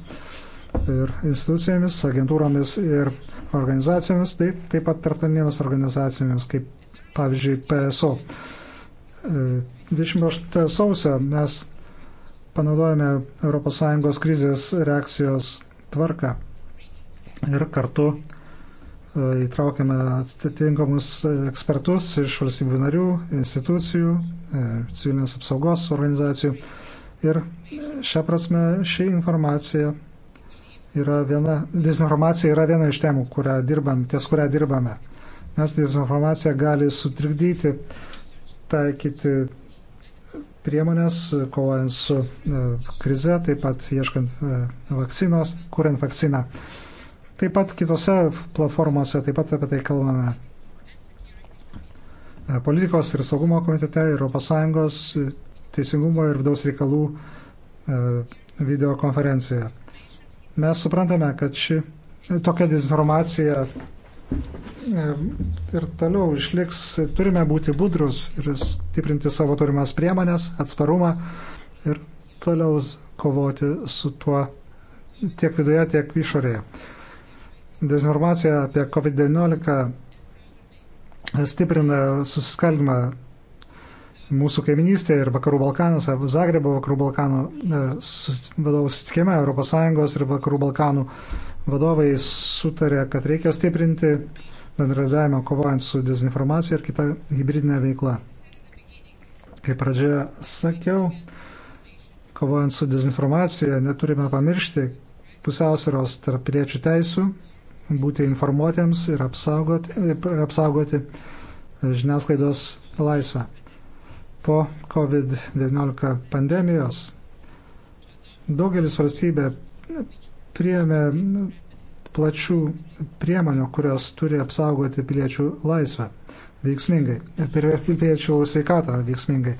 ir institucijomis, agentūromis ir organizacijomis, tai taip pat tarptautinėmis organizacijomis kaip pavyzdžiui, PSO. 28 e, sausio mes panaudojame ES krizės reakcijos tvarką ir kartu e, įtraukiame atitinkamus ekspertus iš valstybių narių, institucijų, e, civilinės apsaugos organizacijų. Ir šią prasme ši informacija yra viena, dezinformacija yra viena iš temų, kurią dirbam, ties kurią dirbame nes dezinformacija gali sutrikdyti taikyti priemonės, kovojant su e, krize, taip pat ieškant e, vakcinos, kuriant vakciną. Taip pat kitose platformose taip pat apie tai kalbame. E, politikos ir saugumo komitete, ES teisingumo ir vidaus reikalų videokonferencijoje. Mes suprantame, kad ši tokia dezinformacija ir toliau išliks, turime būti budrus ir stiprinti savo turimas priemonės, atsparumą ir toliau kovoti su tuo tiek viduje, tiek išorėje. Dezinformacija apie COVID-19 stiprina susiskaldimą mūsų kaiminystėje ir Vakarų Balkanuose, Zagrebo Vakarų Balkanų e, vadovų susitikime ES ir Vakarų Balkanų vadovai sutarė, kad reikia stiprinti bendradavimą kovojant su dezinformacija ir kita hybridinė veikla. Kaip pradžioje sakiau, kovojant su dezinformacija neturime pamiršti pusiausvėros tarp piliečių teisų, būti informuotiems ir apsaugoti, ir apsaugoti žiniasklaidos laisvę po COVID-19 pandemijos daugelis valstybė priemė plačių priemonių, kurios turi apsaugoti piliečių laisvę veiksmingai ir piliečių sveikatą veiksmingai.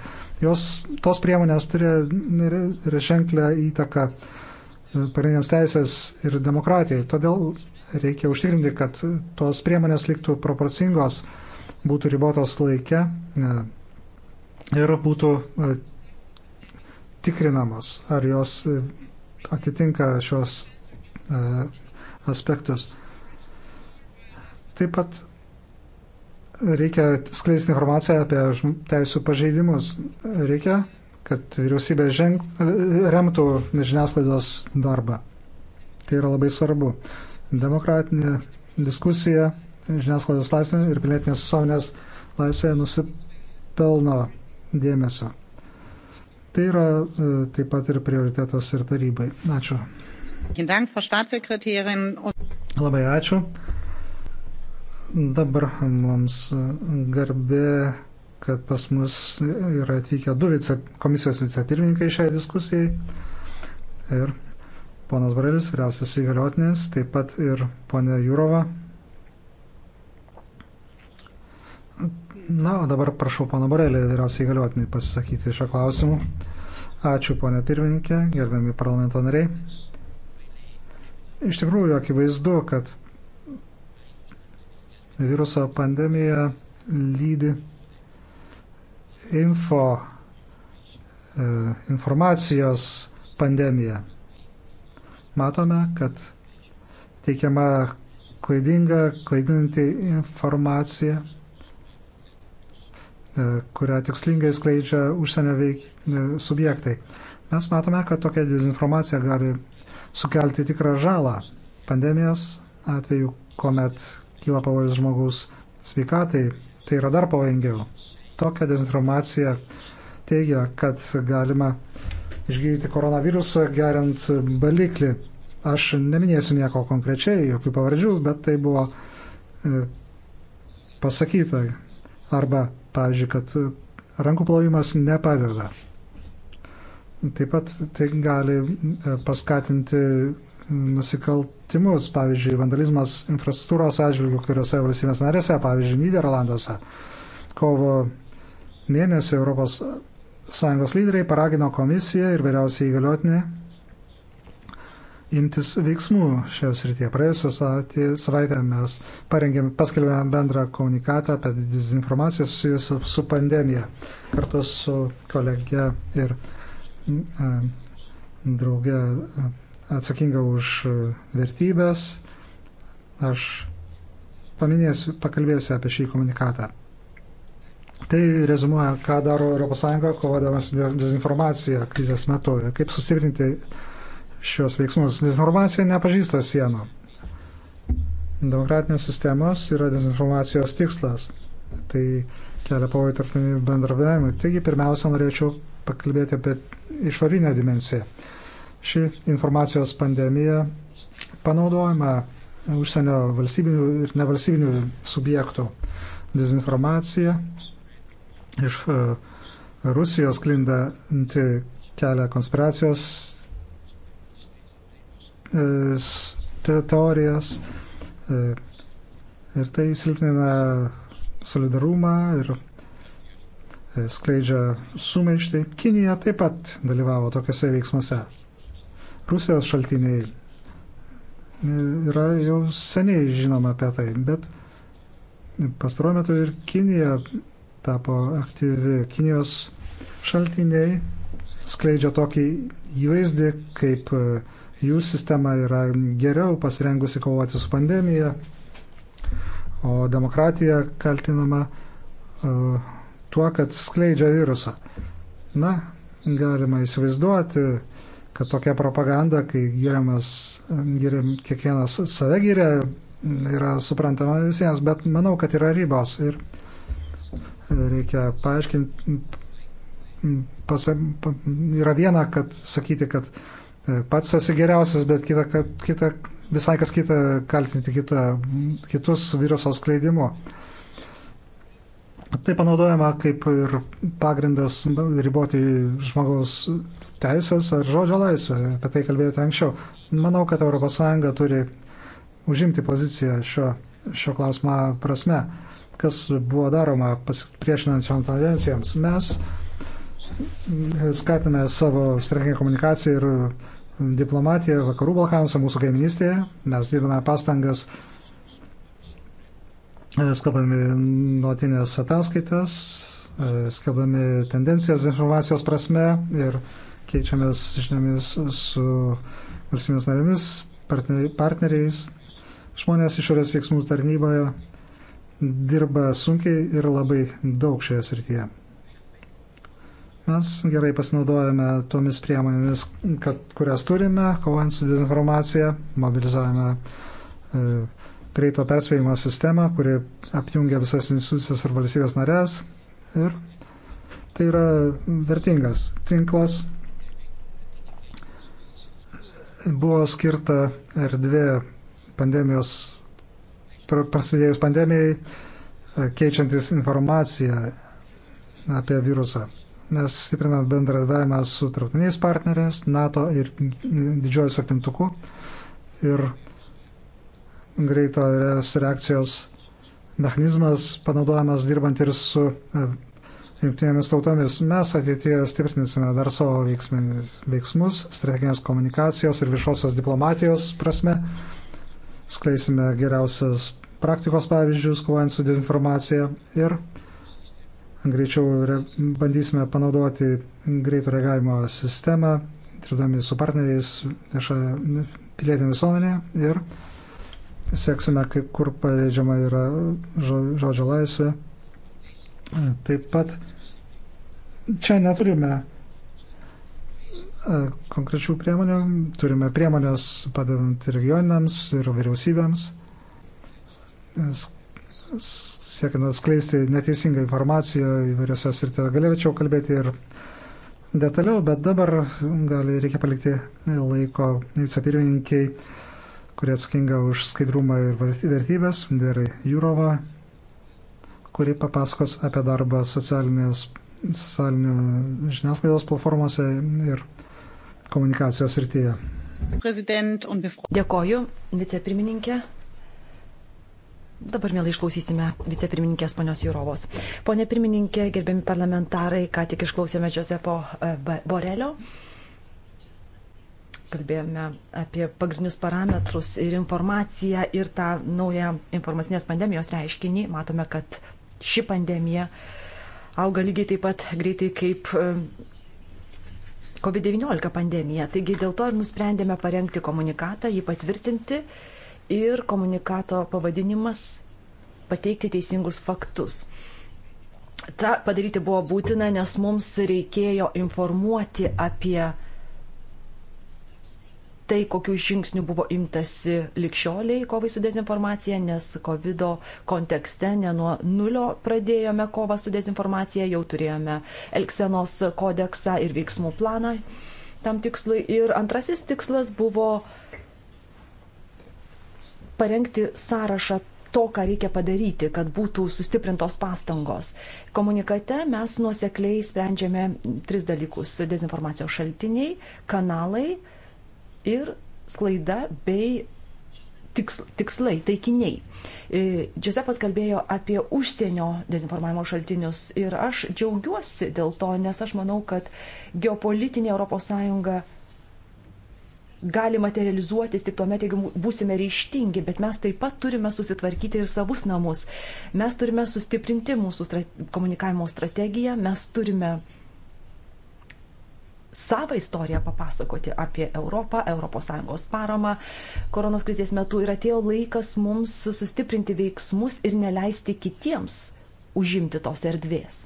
Jos, tos priemonės turi ženklę įtaką pagrindiniams teisės ir demokratijai. Todėl reikia užtikrinti, kad tos priemonės liktų proporcingos, būtų ribotos laikė, ir būtų e, tikrinamos, ar jos e, atitinka šios e, aspektus. Taip pat reikia skleisti informaciją apie teisų pažeidimus. Reikia, kad vyriausybė ženg, remtų žiniasklaidos darbą. Tai yra labai svarbu. Demokratinė diskusija, žiniasklaidos laisvė ir pilietinės visuomenės laisvė nusipelno dėmesio. Tai yra e, taip pat ir prioritetas ir tarybai. Ačiū. Labai ačiū. Dabar mums garbė, kad pas mus yra atvykę du vice, komisijos vicepirmininkai šiai diskusijai. Ir ponas Brelis, vyriausias įgaliotinis, taip pat ir ponė Jūrova, Na, o dabar prašau pana Borelį, vyriausiai galiotinai, pasisakyti šio klausimu. Ačiū, ponė pirmininkė, gerbiami parlamento nariai. Iš tikrųjų, akivaizdu, kad viruso pandemija lydi info, e, informacijos pandemija. Matome, kad teikiama klaidinga, klaidinanti informacija E, kurią tikslingai skleidžia užsienio veik... E, subjektai. Mes matome, kad tokia dezinformacija gali sukelti tikrą žalą pandemijos atveju, kuomet kyla pavojus žmogaus sveikatai, tai yra dar pavojingiau. Tokia dezinformacija teigia, kad galima išgydyti koronavirusą geriant baliklį. Aš neminėsiu nieko konkrečiai, jokių pavardžių, bet tai buvo e, pasakyta. Arba pavyzdžiui, kad rankų plovimas nepadeda. Taip pat tai gali e, paskatinti nusikaltimus, pavyzdžiui, vandalizmas infrastruktūros atžvilgių, kuriuose valstybės narėse, pavyzdžiui, Niderlanduose. Kovo mėnesį ES lyderiai paragino komisiją ir vyriausiai įgaliotinį imtis veiksmų šioje srityje. Praėjusią savaitę mes parengėm, paskelbėm bendrą komunikatą apie dezinformaciją susijusiu su pandemija. Kartu su kolege ir e, drauge atsakinga už vertybės. Aš paminėsiu, pakalbėsiu apie šį komunikatą. Tai rezumuoja, ką daro ES kovodamas dezinformaciją krizės metu, kaip sustiprinti šios veiksmus. Dezinformacija nepažįsta sienų. Demokratinės sistemos yra dezinformacijos tikslas. Tai kelia pavojų tarptautiniam bendravimui. Taigi, pirmiausia, norėčiau pakalbėti apie išorinę dimensiją. Ši informacijos pandemija panaudojama užsienio valstybinių ir nevalstybinių subjektų. Dezinformacija iš e, Rusijos klindanti kelia konspiracijos E, teorijas e, ir tai silpnina solidarumą ir e, skleidžia sumaištį. Kinija taip pat dalyvavo tokiuose veiksmuose. Rusijos šaltiniai yra jau seniai žinoma apie tai, bet pastaruoju metu ir Kinija tapo aktyvi. Kinijos šaltiniai skleidžia tokį įvaizdį kaip uh, jų sistema yra geriau pasirengusi kovoti su pandemija, o demokratija kaltinama uh, tuo, kad skleidžia virusą. Na, galima įsivaizduoti, kad tokia propaganda, kai giriamas, giriam, kiekvienas save giria, yra suprantama visiems, bet manau, kad yra ribos ir reikia paaiškinti, pasa, yra viena, kad sakyti, kad uh, pats esi geriausias, bet kita, kita, visai kas kita kaltinti kita, kitus viruso skleidimu. Tai panaudojama kaip ir pagrindas riboti žmogaus teisės ar žodžio laisvę, apie tai kalbėjote anksčiau. Manau, kad ES turi užimti poziciją šio, šio klausimo prasme, kas buvo daroma priešinant šiom tendencijams. Mes skatiname savo strateginę komunikaciją ir diplomatiją vakarų Balkanuose, mūsų kaiminystėje. Mes didame pastangas, e, skelbami nuotinės ataskaitas, e, skelbami tendencijas informacijos prasme ir keičiamės žiniomis su valstybės narėmis, partneriais. Žmonės išorės veiksmų tarnyboje dirba sunkiai ir labai daug šioje srityje. Mes gerai pasinaudojame tomis priemonėmis, kad, kurias turime, kovant su dezinformacija, mobilizavome e, greito perspėjimo sistemą, kuri apjungia visas institucijas ir valstybės narės. Ir tai yra vertingas tinklas. Buvo skirta erdvė pandemijos, prasidėjus pandemijai, e, keičiantis informaciją apie virusą mes stipriname bendradavimą su tarptautiniais partneriais, NATO ir didžiuoju septintuku. Ir greito reakcijos mechanizmas panaudojamas dirbant ir su e, jungtinėmis tautomis. Mes ateityje stiprinsime dar savo veiksmus, strateginės komunikacijos ir viešosios diplomatijos prasme. Skleisime geriausias praktikos pavyzdžius, kovojant su dezinformacija ir greičiau re, bandysime panaudoti greito reagavimo sistemą, dirbdami su partneriais viešą pilietinę visuomenę ir seksime, kur pareidžiama yra žodžio laisvė. Taip pat čia neturime e, konkrečių priemonių, turime priemonės padedant regionams ir vyriausybėms siekiant atskleisti neteisingą informaciją įvairiose srityse. Galėčiau kalbėti ir detaliau, bet dabar gali reikia palikti laiko vicepirmininkiai, kurie atsakinga už skaidrumą ir vertybės, Dėrai Jūrova, kuri papasakos apie darbą socialinės socialinių žiniasklaidos platformose ir komunikacijos srityje. Dėkoju, vicepirmininkė, Dabar mielai išklausysime vicepirmininkės ponios Jurovos. Pone pirmininkė, gerbiami parlamentarai, ką tik išklausėme Josepo e, Borelio. Kalbėjome apie pagrindinius parametrus ir informaciją ir tą naują informacinės pandemijos reiškinį. Matome, kad ši pandemija auga lygiai taip pat greitai kaip e, COVID-19 pandemija. Taigi dėl to ir nusprendėme parengti komunikatą, jį patvirtinti ir komunikato pavadinimas pateikti teisingus faktus. Ta padaryti buvo būtina, nes mums reikėjo informuoti apie tai, kokiu žingsniu buvo imtasi likščioliai kovai su dezinformacija, nes COVID kontekste ne nuo nulio pradėjome kovą su dezinformacija, jau turėjome Elksenos kodeksą ir veiksmų planą tam tikslui. Ir antrasis tikslas buvo uh, parengti sąrašą to, ką reikia padaryti, kad būtų sustiprintos pastangos. Komunikate mes nuosekliai sprendžiame tris dalykus - dezinformacijos šaltiniai, kanalai ir sklaida bei tiks, tikslai, taikiniai. Giuseppas e, kalbėjo apie užsienio dezinformavimo šaltinius ir aš džiaugiuosi dėl to, nes aš manau, kad geopolitinė ES gali materializuotis tik tuomet, jeigu būsime ryštingi, bet mes taip pat turime susitvarkyti ir savus namus. Mes turime sustiprinti mūsų strate komunikavimo strategiją, mes turime savo istoriją papasakoti apie Europą, ES paramą. Koronos krizės metu ir atėjo laikas mums sustiprinti veiksmus ir neleisti kitiems užimti tos erdvės.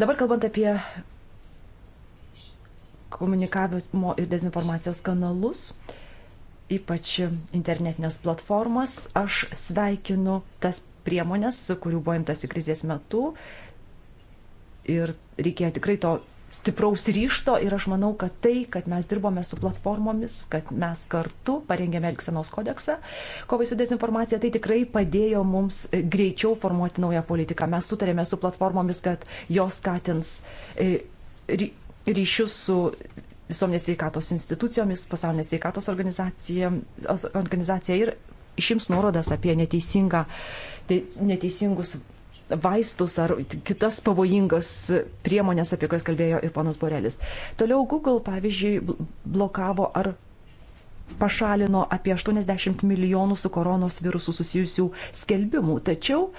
Dabar kalbant apie komunikavimo ir dezinformacijos kanalus, ypač internetinės platformas. Aš sveikinu tas priemonės, kurių buvo imtasi krizės metu ir reikėjo tikrai to stipraus ryšto ir aš manau, kad tai, kad mes dirbome su platformomis, kad mes kartu parengėme Elksenos kodeksą kovai su dezinformacija, tai tikrai padėjo mums greičiau formuoti naują politiką. Mes sutarėme su platformomis, kad jos skatins e, ryšius su visuomenės sveikatos institucijomis, pasaulinė sveikatos organizacija, organizacija ir išims nuorodas apie neteisingą, te, neteisingus vaistus ar kitas pavojingas priemonės, apie kurias kalbėjo ir ponas Borelis. Toliau Google, pavyzdžiui, blokavo ar pašalino apie 80 milijonų su koronos virusu susijusių skelbimų. Tačiau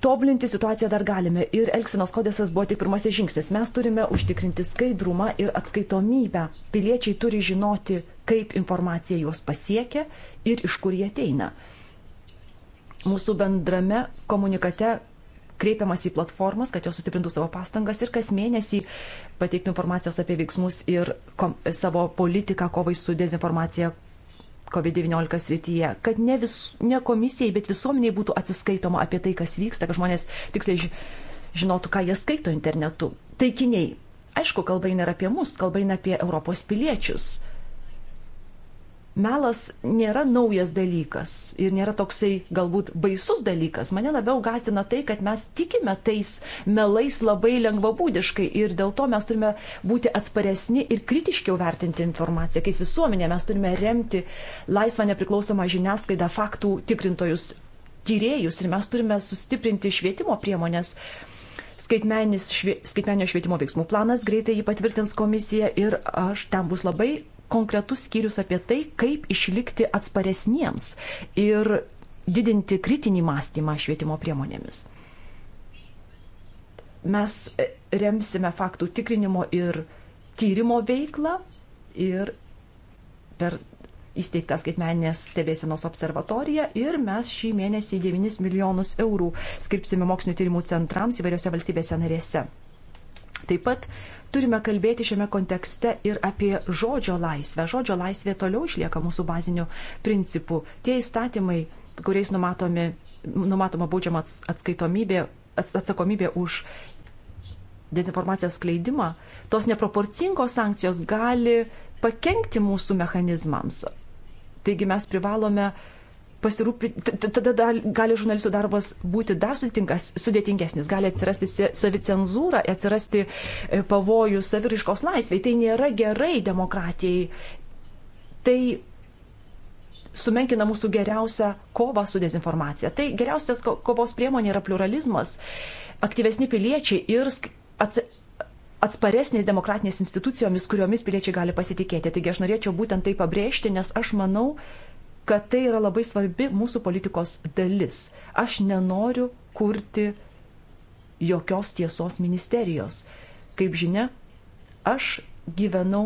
Tobulinti situaciją dar galime ir Elksinos kodėsas buvo tik pirmasis žingsnis. Mes turime užtikrinti skaidrumą ir atskaitomybę. Piliečiai turi žinoti, kaip informacija juos pasiekia ir iš kur jie ateina. Mūsų bendrame komunikate kreipiamas į platformas, kad jos sustiprintų savo pastangas ir kas mėnesį pateiktų informacijos apie veiksmus ir kom, savo politiką kovai su dezinformacija, COVID-19 srityje, kad ne, vis, ne komisijai, bet visuomeniai būtų atsiskaitoma apie tai, kas vyksta, kad žmonės tiksliai žinotų, ką jie skaito internetu. Taikiniai. Aišku, kalba eina apie mus, kalba eina apie Europos piliečius melas nėra naujas dalykas ir nėra toksai galbūt baisus dalykas. Mane labiau gazdina tai, kad mes tikime tais melais labai lengvabūdiškai ir dėl to mes turime būti atsparesni ir kritiškiau vertinti informaciją. Kaip visuomenė mes turime remti laisvą nepriklausomą žiniasklaidą, faktų tikrintojus, tyrėjus ir mes turime sustiprinti švietimo priemonės skaitmeninio švietimo veiksmų planas, greitai jį patvirtins komisija ir aš ten bus labai konkretus skyrius apie tai, kaip išlikti atsparesniems ir didinti kritinį mąstymą švietimo priemonėmis. Mes e, remsime faktų tikrinimo ir tyrimo veiklą ir per įsteigtą skaitmeninės stebėsenos observatoriją ir mes šį mėnesį 9 milijonus eurų skirpsime mokslinio tyrimų centrams įvairiose valstybėse narėse. Taip pat turime kalbėti šiame kontekste ir apie žodžio laisvę. Žodžio laisvė toliau išlieka mūsų bazinių principų. Tie įstatymai, kuriais numatomi, numatoma baudžiama atskaitomybė, atsakomybė už dezinformacijos skleidimą, tos neproporcingos sankcijos gali pakengti mūsų mechanizmams. Taigi mes privalome uh, pasirūpinti, tada gali žurnalistų darbas būti dar sudėtingesnis, gali atsirasti savicenzūra, atsirasti e, pavojus saviriškos laisvėje. Tai nėra gerai demokratijai. Tai sumenkina mūsų geriausią kovą su dezinformacija. Tai geriausias kovos priemonė yra pluralizmas, aktyvesni piliečiai ir atsparesnės demokratinės institucijomis, kuriomis piliečiai gali pasitikėti. Taigi aš norėčiau būtent tai pabrėžti, nes aš manau, kad kad tai yra labai svarbi mūsų politikos dalis. Aš nenoriu kurti jokios tiesos ministerijos. Kaip žinia, aš gyvenau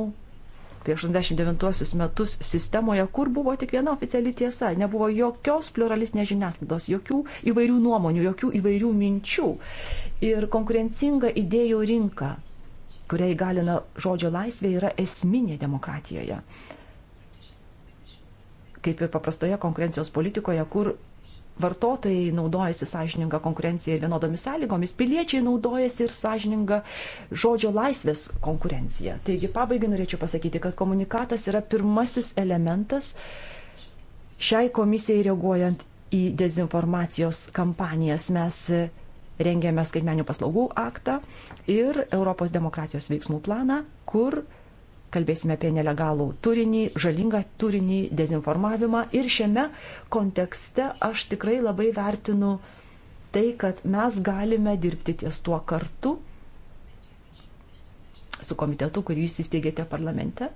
prieš 89 metus sistemoje, kur buvo tik viena oficiali tiesa, nebuvo jokios pluralistinės žiniasklaidos, jokių įvairių nuomonių, jokių įvairių minčių. Ir konkurencinga idėjų rinka, kurią įgalina žodžio laisvė, yra esminė demokratijoje kaip ir paprastoje konkurencijos politikoje, kur vartotojai naudojasi sąžininga konkurencija ir vienodomis sąlygomis, piliečiai naudojasi ir sąžininga žodžio laisvės konkurencija. Taigi pabaigai norėčiau pasakyti, kad komunikatas yra pirmasis elementas šiai komisijai reaguojant į dezinformacijos kampanijas. Mes rengėme skaitmenių paslaugų aktą ir Europos demokratijos veiksmų planą, kur kalbėsime apie nelegalų turinį, žalingą turinį, dezinformavimą. Ir šiame kontekste aš tikrai labai vertinu tai, kad mes galime dirbti ties tuo kartu su komitetu, kurį jūs įsteigėte parlamente,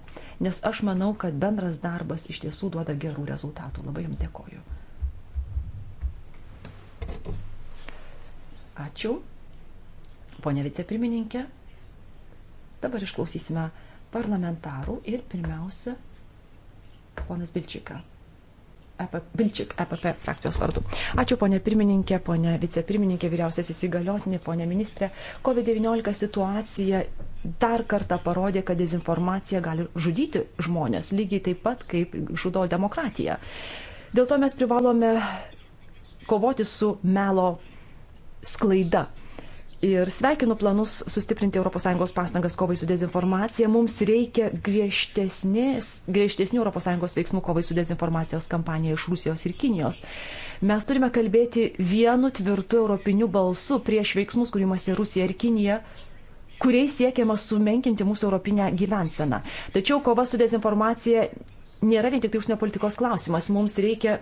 nes aš manau, kad bendras darbas iš tiesų duoda gerų rezultatų. Labai Jums dėkoju. Ačiū. Pone vicepirmininkė, dabar išklausysime parlamentarų ir pirmiausia, ponas Bilčika. EPP, Bilčik, EPP frakcijos vardu. Ačiū, ponė pirmininkė, ponė vicepirmininkė, vyriausias įsigaliotinė, ponė ministrė. COVID-19 situacija dar kartą parodė, kad dezinformacija gali žudyti žmonės, lygiai taip pat, kaip žudo demokratija. Dėl to mes privalome kovoti su melo sklaida ir sveikinu planus sustiprinti ES pastangas kovai su dezinformacija. Mums reikia griežtesnių ES veiksmų kovai su dezinformacijos kampanija iš Rusijos ir Kinijos. Mes turime kalbėti vienu tvirtu europiniu balsu prieš veiksmus, kuriuos Rusija ir Kinija kuriais siekiama sumenkinti mūsų europinę gyvenseną. Tačiau kova su dezinformacija nėra vien tik tai užsienio politikos klausimas. Mums reikia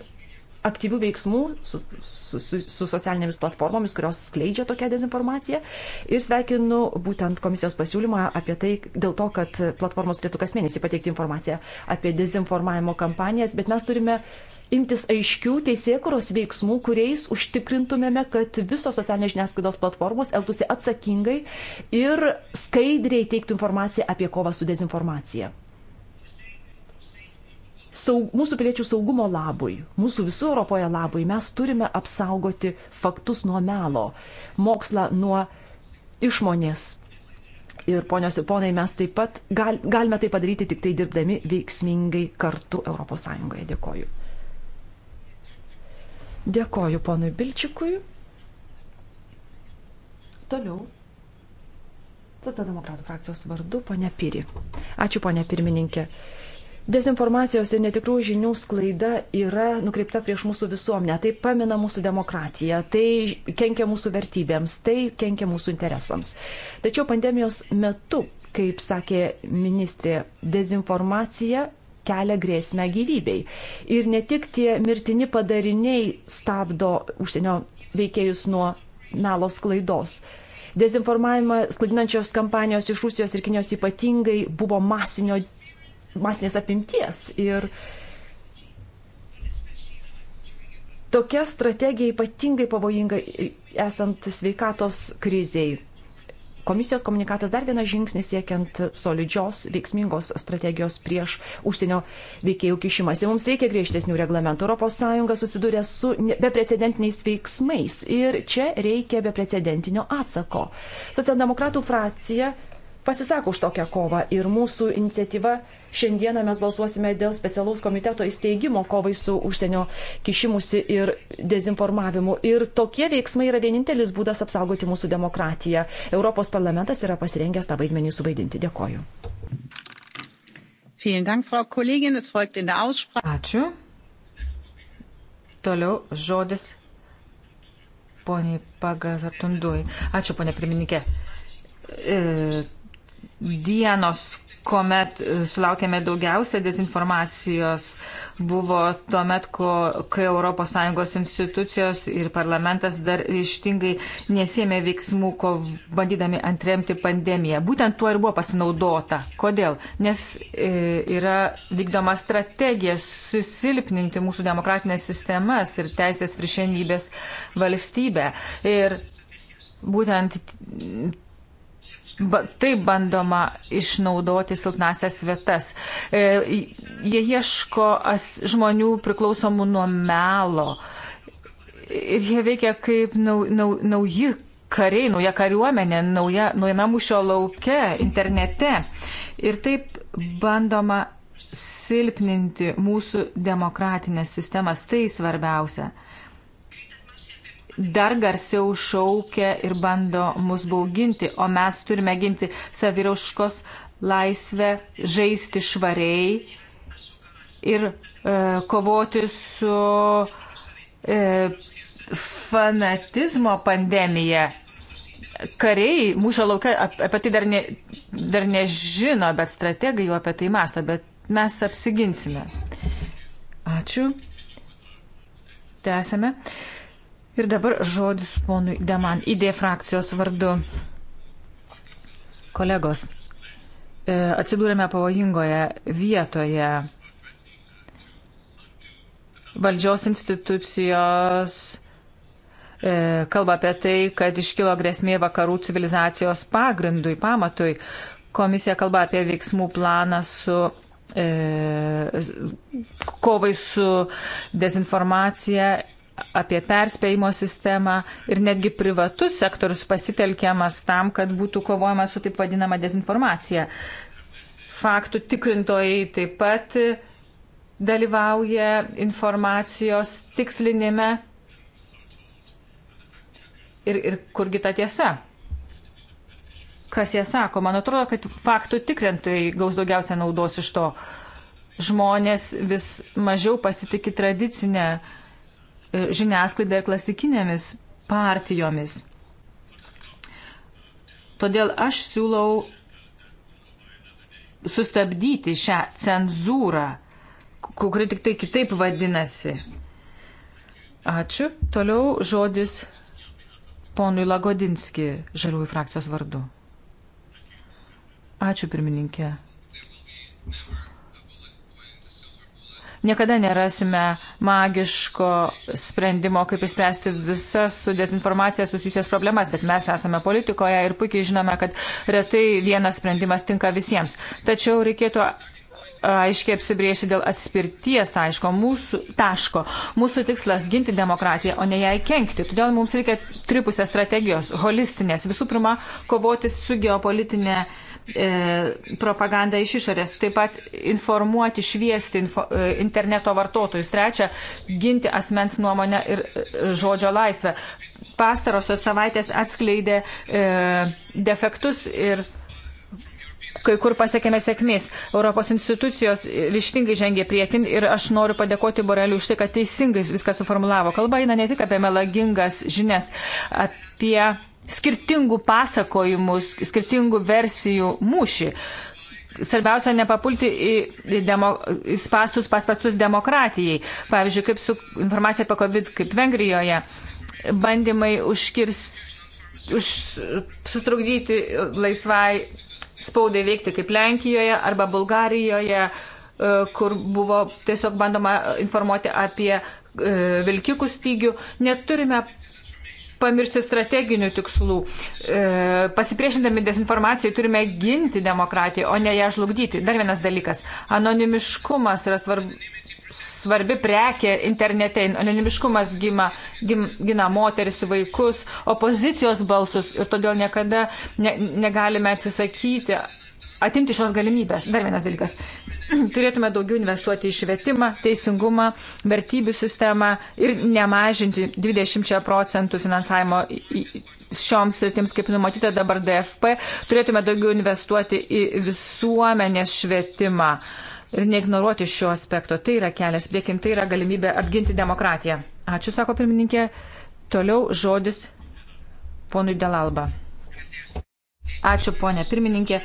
aktyvių veiksmų su, su, su, su socialinėmis platformomis, kurios skleidžia tokią dezinformaciją. Ir sveikinu būtent komisijos pasiūlymą apie tai, dėl to, kad platformos turėtų kas mėnesį pateikti informaciją apie dezinformavimo kampanijas, bet mes turime imtis aiškių teisėkuros veiksmų, kuriais užtikrintumėme, kad visos socialinės žiniasklaidos platformos elgtųsi atsakingai ir skaidriai teiktų informaciją apie kovą su dezinformacija saug, mūsų piliečių saugumo labui, mūsų visų Europoje labui, mes turime apsaugoti faktus nuo melo, mokslą nuo išmonės. Ir ponios ir ponai, mes taip pat gal, galime tai padaryti tik tai dirbdami veiksmingai kartu ES. Dėkoju. Dėkoju ponui Bilčikui. Toliau. Socialdemokratų frakcijos vardu, ponia Piri. Ačiū, ponia pirmininkė. Dezinformacijos ir netikrų žinių sklaida yra nukreipta prieš mūsų visuomenę, tai pamina mūsų demokratiją, tai kenkia mūsų vertybėms, tai kenkia mūsų interesams. Tačiau pandemijos metu, kaip sakė ministrė, dezinformacija kelia grėsmę gyvybei. Ir ne tik tie mirtini padariniai stabdo užsienio veikėjus nuo melo sklaidos. Dezinformavimą sklaidinančios kampanijos iš Rusijos ir Kinijos ypatingai buvo masinio masinės apimties. Ir tokia strategija ypatingai pavojinga esant sveikatos kriziai. Komisijos komunikatas dar vienas žingsnis siekiant solidžios, veiksmingos strategijos prieš užsienio veikėjų kišimąsi. Mums reikia griežtesnių reglamentų. ES susidūrė su beprecedentiniais veiksmais ir čia reikia beprecedentinio atsako. Socialdemokratų frakcija pasisako už tokią kovą ir mūsų iniciatyva šiandieną mes balsuosime dėl specialaus komiteto įsteigimo kovai su užsienio kišimusi ir dezinformavimu. Ir tokie veiksmai yra vienintelis būdas apsaugoti mūsų demokratiją. Europos parlamentas yra pasirengęs tą vaidmenį suvaidinti. Dėkoju. Ačiū. Toliau žodis poniai Pagasartundui. Ačiū, ponė pirmininkė. E, dienos, kuomet e, sulaukėme daugiausia dezinformacijos, buvo tuomet, kai ES institucijos ir parlamentas dar ryštingai nesėmė veiksmų, ko bandydami antremti pandemiją. Būtent tuo ir buvo pasinaudota. Kodėl? Nes e, yra vykdoma strategija susilpninti mūsų demokratinės sistemas ir teisės viršienybės valstybę. Ir būtent ba, taip bandoma išnaudoti silpnasias vietas. E, jie ieško as, žmonių priklausomų nuo melo ir jie veikia kaip nau, nau, nauji kariai, nauja kariuomenė, nauja, naujame mūšio lauke, internete. Ir taip bandoma silpninti mūsų demokratinės sistemas. Tai svarbiausia dar garsiau šaukia ir bando mus bauginti, o mes turime ginti savirauškos laisvę, žaisti švariai ir e, kovoti su e, fanatizmo pandemija kariai mūšio laukia apie tai dar, ne, dar nežino, bet strategai jau apie tai masto, bet mes apsiginsime. Ačiū. Tęsėme. Ir dabar žodis ponui Deman, ID frakcijos vardu. Kolegos, e, atsidūrėme pavojingoje vietoje. Valdžios institucijos e, kalba apie tai, kad iškilo grėsmė vakarų civilizacijos pagrindui, pamatui. Komisija kalba apie veiksmų planą su e, kovai su dezinformacija apie perspėjimo sistemą ir netgi privatus sektorius pasitelkiamas tam, kad būtų kovojama su taip vadinama dezinformacija. Faktų tikrintojai taip pat dalyvauja informacijos tikslinime ir, ir kurgi ta tiesa. Kas jie sako? Man atrodo, kad faktų tikrintojai gaus daugiausia naudos iš to. Žmonės vis mažiau pasitikė tradicinę uh, žiniasklaida ir klasikinėmis partijomis. Todėl aš siūlau sustabdyti šią cenzūrą, kuri tik tai kitaip vadinasi. Ačiū. Toliau žodis ponui Lagodinski, Žaliųjų frakcijos vardu. Ačiū pirmininkė. Niekada nerasime magiško sprendimo, kaip išspręsti visas su dezinformacija susijusias problemas, bet mes esame politikoje ir puikiai žinome, kad retai vienas sprendimas tinka visiems. Tačiau reikėtų aiškiai apsibriežti dėl atspirties taško mūsų, taško. mūsų tikslas ginti demokratiją, o ne jai kenkti. Todėl mums reikia tripusės strategijos, holistinės. Visų pirma, kovoti su geopolitinė e, propagandą iš išorės, taip pat informuoti, šviesti info, e, interneto vartotojus, trečia, ginti asmens nuomonę ir e, žodžio laisvę. Pastarosios savaitės atskleidė e, defektus ir kai kur pasiekėme sėkmės. Europos institucijos ryštingai žengė priekin ir aš noriu padėkoti Boreliu už tai, kad teisingai viską suformulavo. Kalba eina ne tik apie melagingas žinias, apie skirtingų pasakojimų, skirtingų versijų mūšį. Svarbiausia nepapulti į, demo, į spastus paspastus demokratijai. Pavyzdžiui, kaip su informacija apie COVID, kaip Vengrijoje, bandymai užkirsti, už, sutrukdyti laisvai spaudai veikti kaip Lenkijoje arba Bulgarijoje, e, kur buvo tiesiog bandoma informuoti apie e, vilkikų stygių. Neturime pamiršti strateginių tikslų. E, pasipriešindami dezinformacijai turime ginti demokratiją, o ne ją žlugdyti. Dar vienas dalykas. Anonimiškumas yra svarb, svarbi prekė internete. Anonimiškumas gima, gim, gina moteris, vaikus, opozicijos balsus ir todėl niekada ne, negalime atsisakyti atimti šios galimybės. Dar vienas dalykas. Turėtume daugiau investuoti į švietimą, teisingumą, vertybių sistemą ir nemažinti 20 procentų finansavimo šioms sritims, kaip numatyta dabar DFP. Turėtume daugiau investuoti į visuomenės švietimą ir neignoruoti šio aspekto. Tai yra kelias priekin, tai yra galimybė apginti demokratiją. Ačiū, sako pirmininkė. Toliau žodis ponui Delalba. Ačiū, ponė pirmininkė.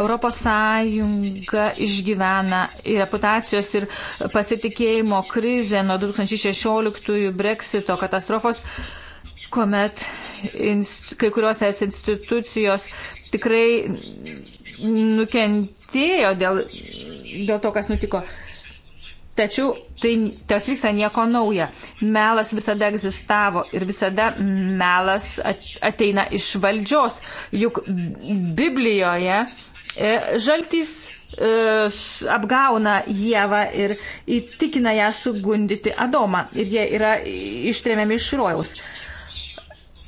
Europos Sąjunga išgyvena reputacijos ir pasitikėjimo krizę nuo 2016 breksito katastrofos, kuomet kai kurios es institucijos tikrai nukentėjo dėl, dėl to, kas nutiko. Tačiau tai, tas vyksta nieko nauja. Melas visada egzistavo ir visada melas ateina iš valdžios. Juk Biblijoje e, žaltys e, apgauna Jėvą ir įtikina ją sugundyti Adomą ir jie yra ištremiami iš rojaus.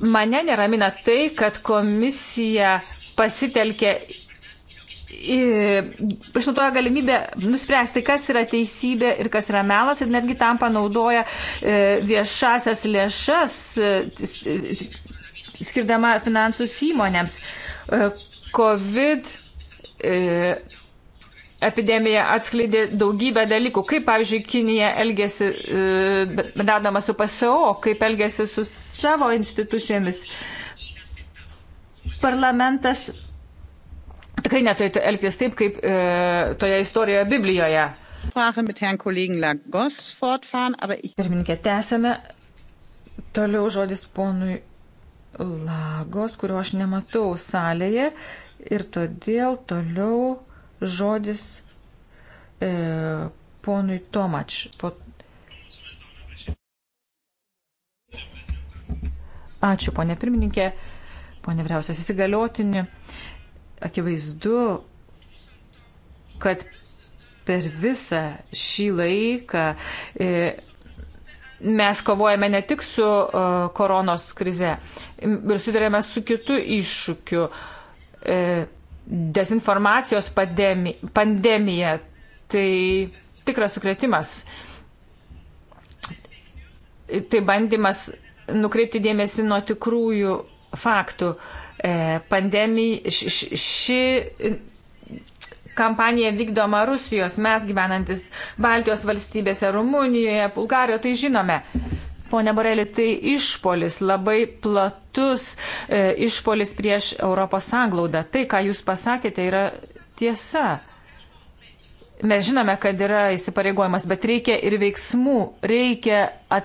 Mane neramina tai, kad komisija pasitelkė išnaudoja galimybę nuspręsti, kas yra teisybė ir kas yra melas ir netgi tam panaudoja e, viešasias lėšas, e, skirdama finansus įmonėms. E, COVID epidemija atskleidė daugybę dalykų, kaip, pavyzdžiui, Kinija elgėsi, bendradama su PSO, kaip elgėsi su savo institucijomis. Parlamentas tikrai neturėtų elgtis taip, kaip e, toje istorijoje Biblijoje. Pirmininkė, tęsėme toliau žodis ponui Lagos, kurio aš nematau salėje ir todėl toliau žodis e, ponui Tomač. Po... Ačiū, ponė pirmininkė, ponė vyriausias įsigaliotinė. E, akivaizdu, kad per visą šį laiką e, mes kovojame ne tik su e, koronos krize ir sudarėme su kitu iššūkiu. E, dezinformacijos pandemija tai tikras sukretimas. Tai bandymas nukreipti dėmesį nuo tikrųjų faktų. Uh, E, Pandemija, ši kampanija vykdoma Rusijos, mes gyvenantis Baltijos valstybėse, Rumunijoje, Bulgarijoje, tai žinome. Pone Borelį, tai išpolis, labai platus e, išpolis prieš Europos sanglaudą. Tai, ką jūs pasakėte, yra tiesa. Mes žinome, kad yra įsipareigojimas, bet reikia ir veiksmų, reikia at,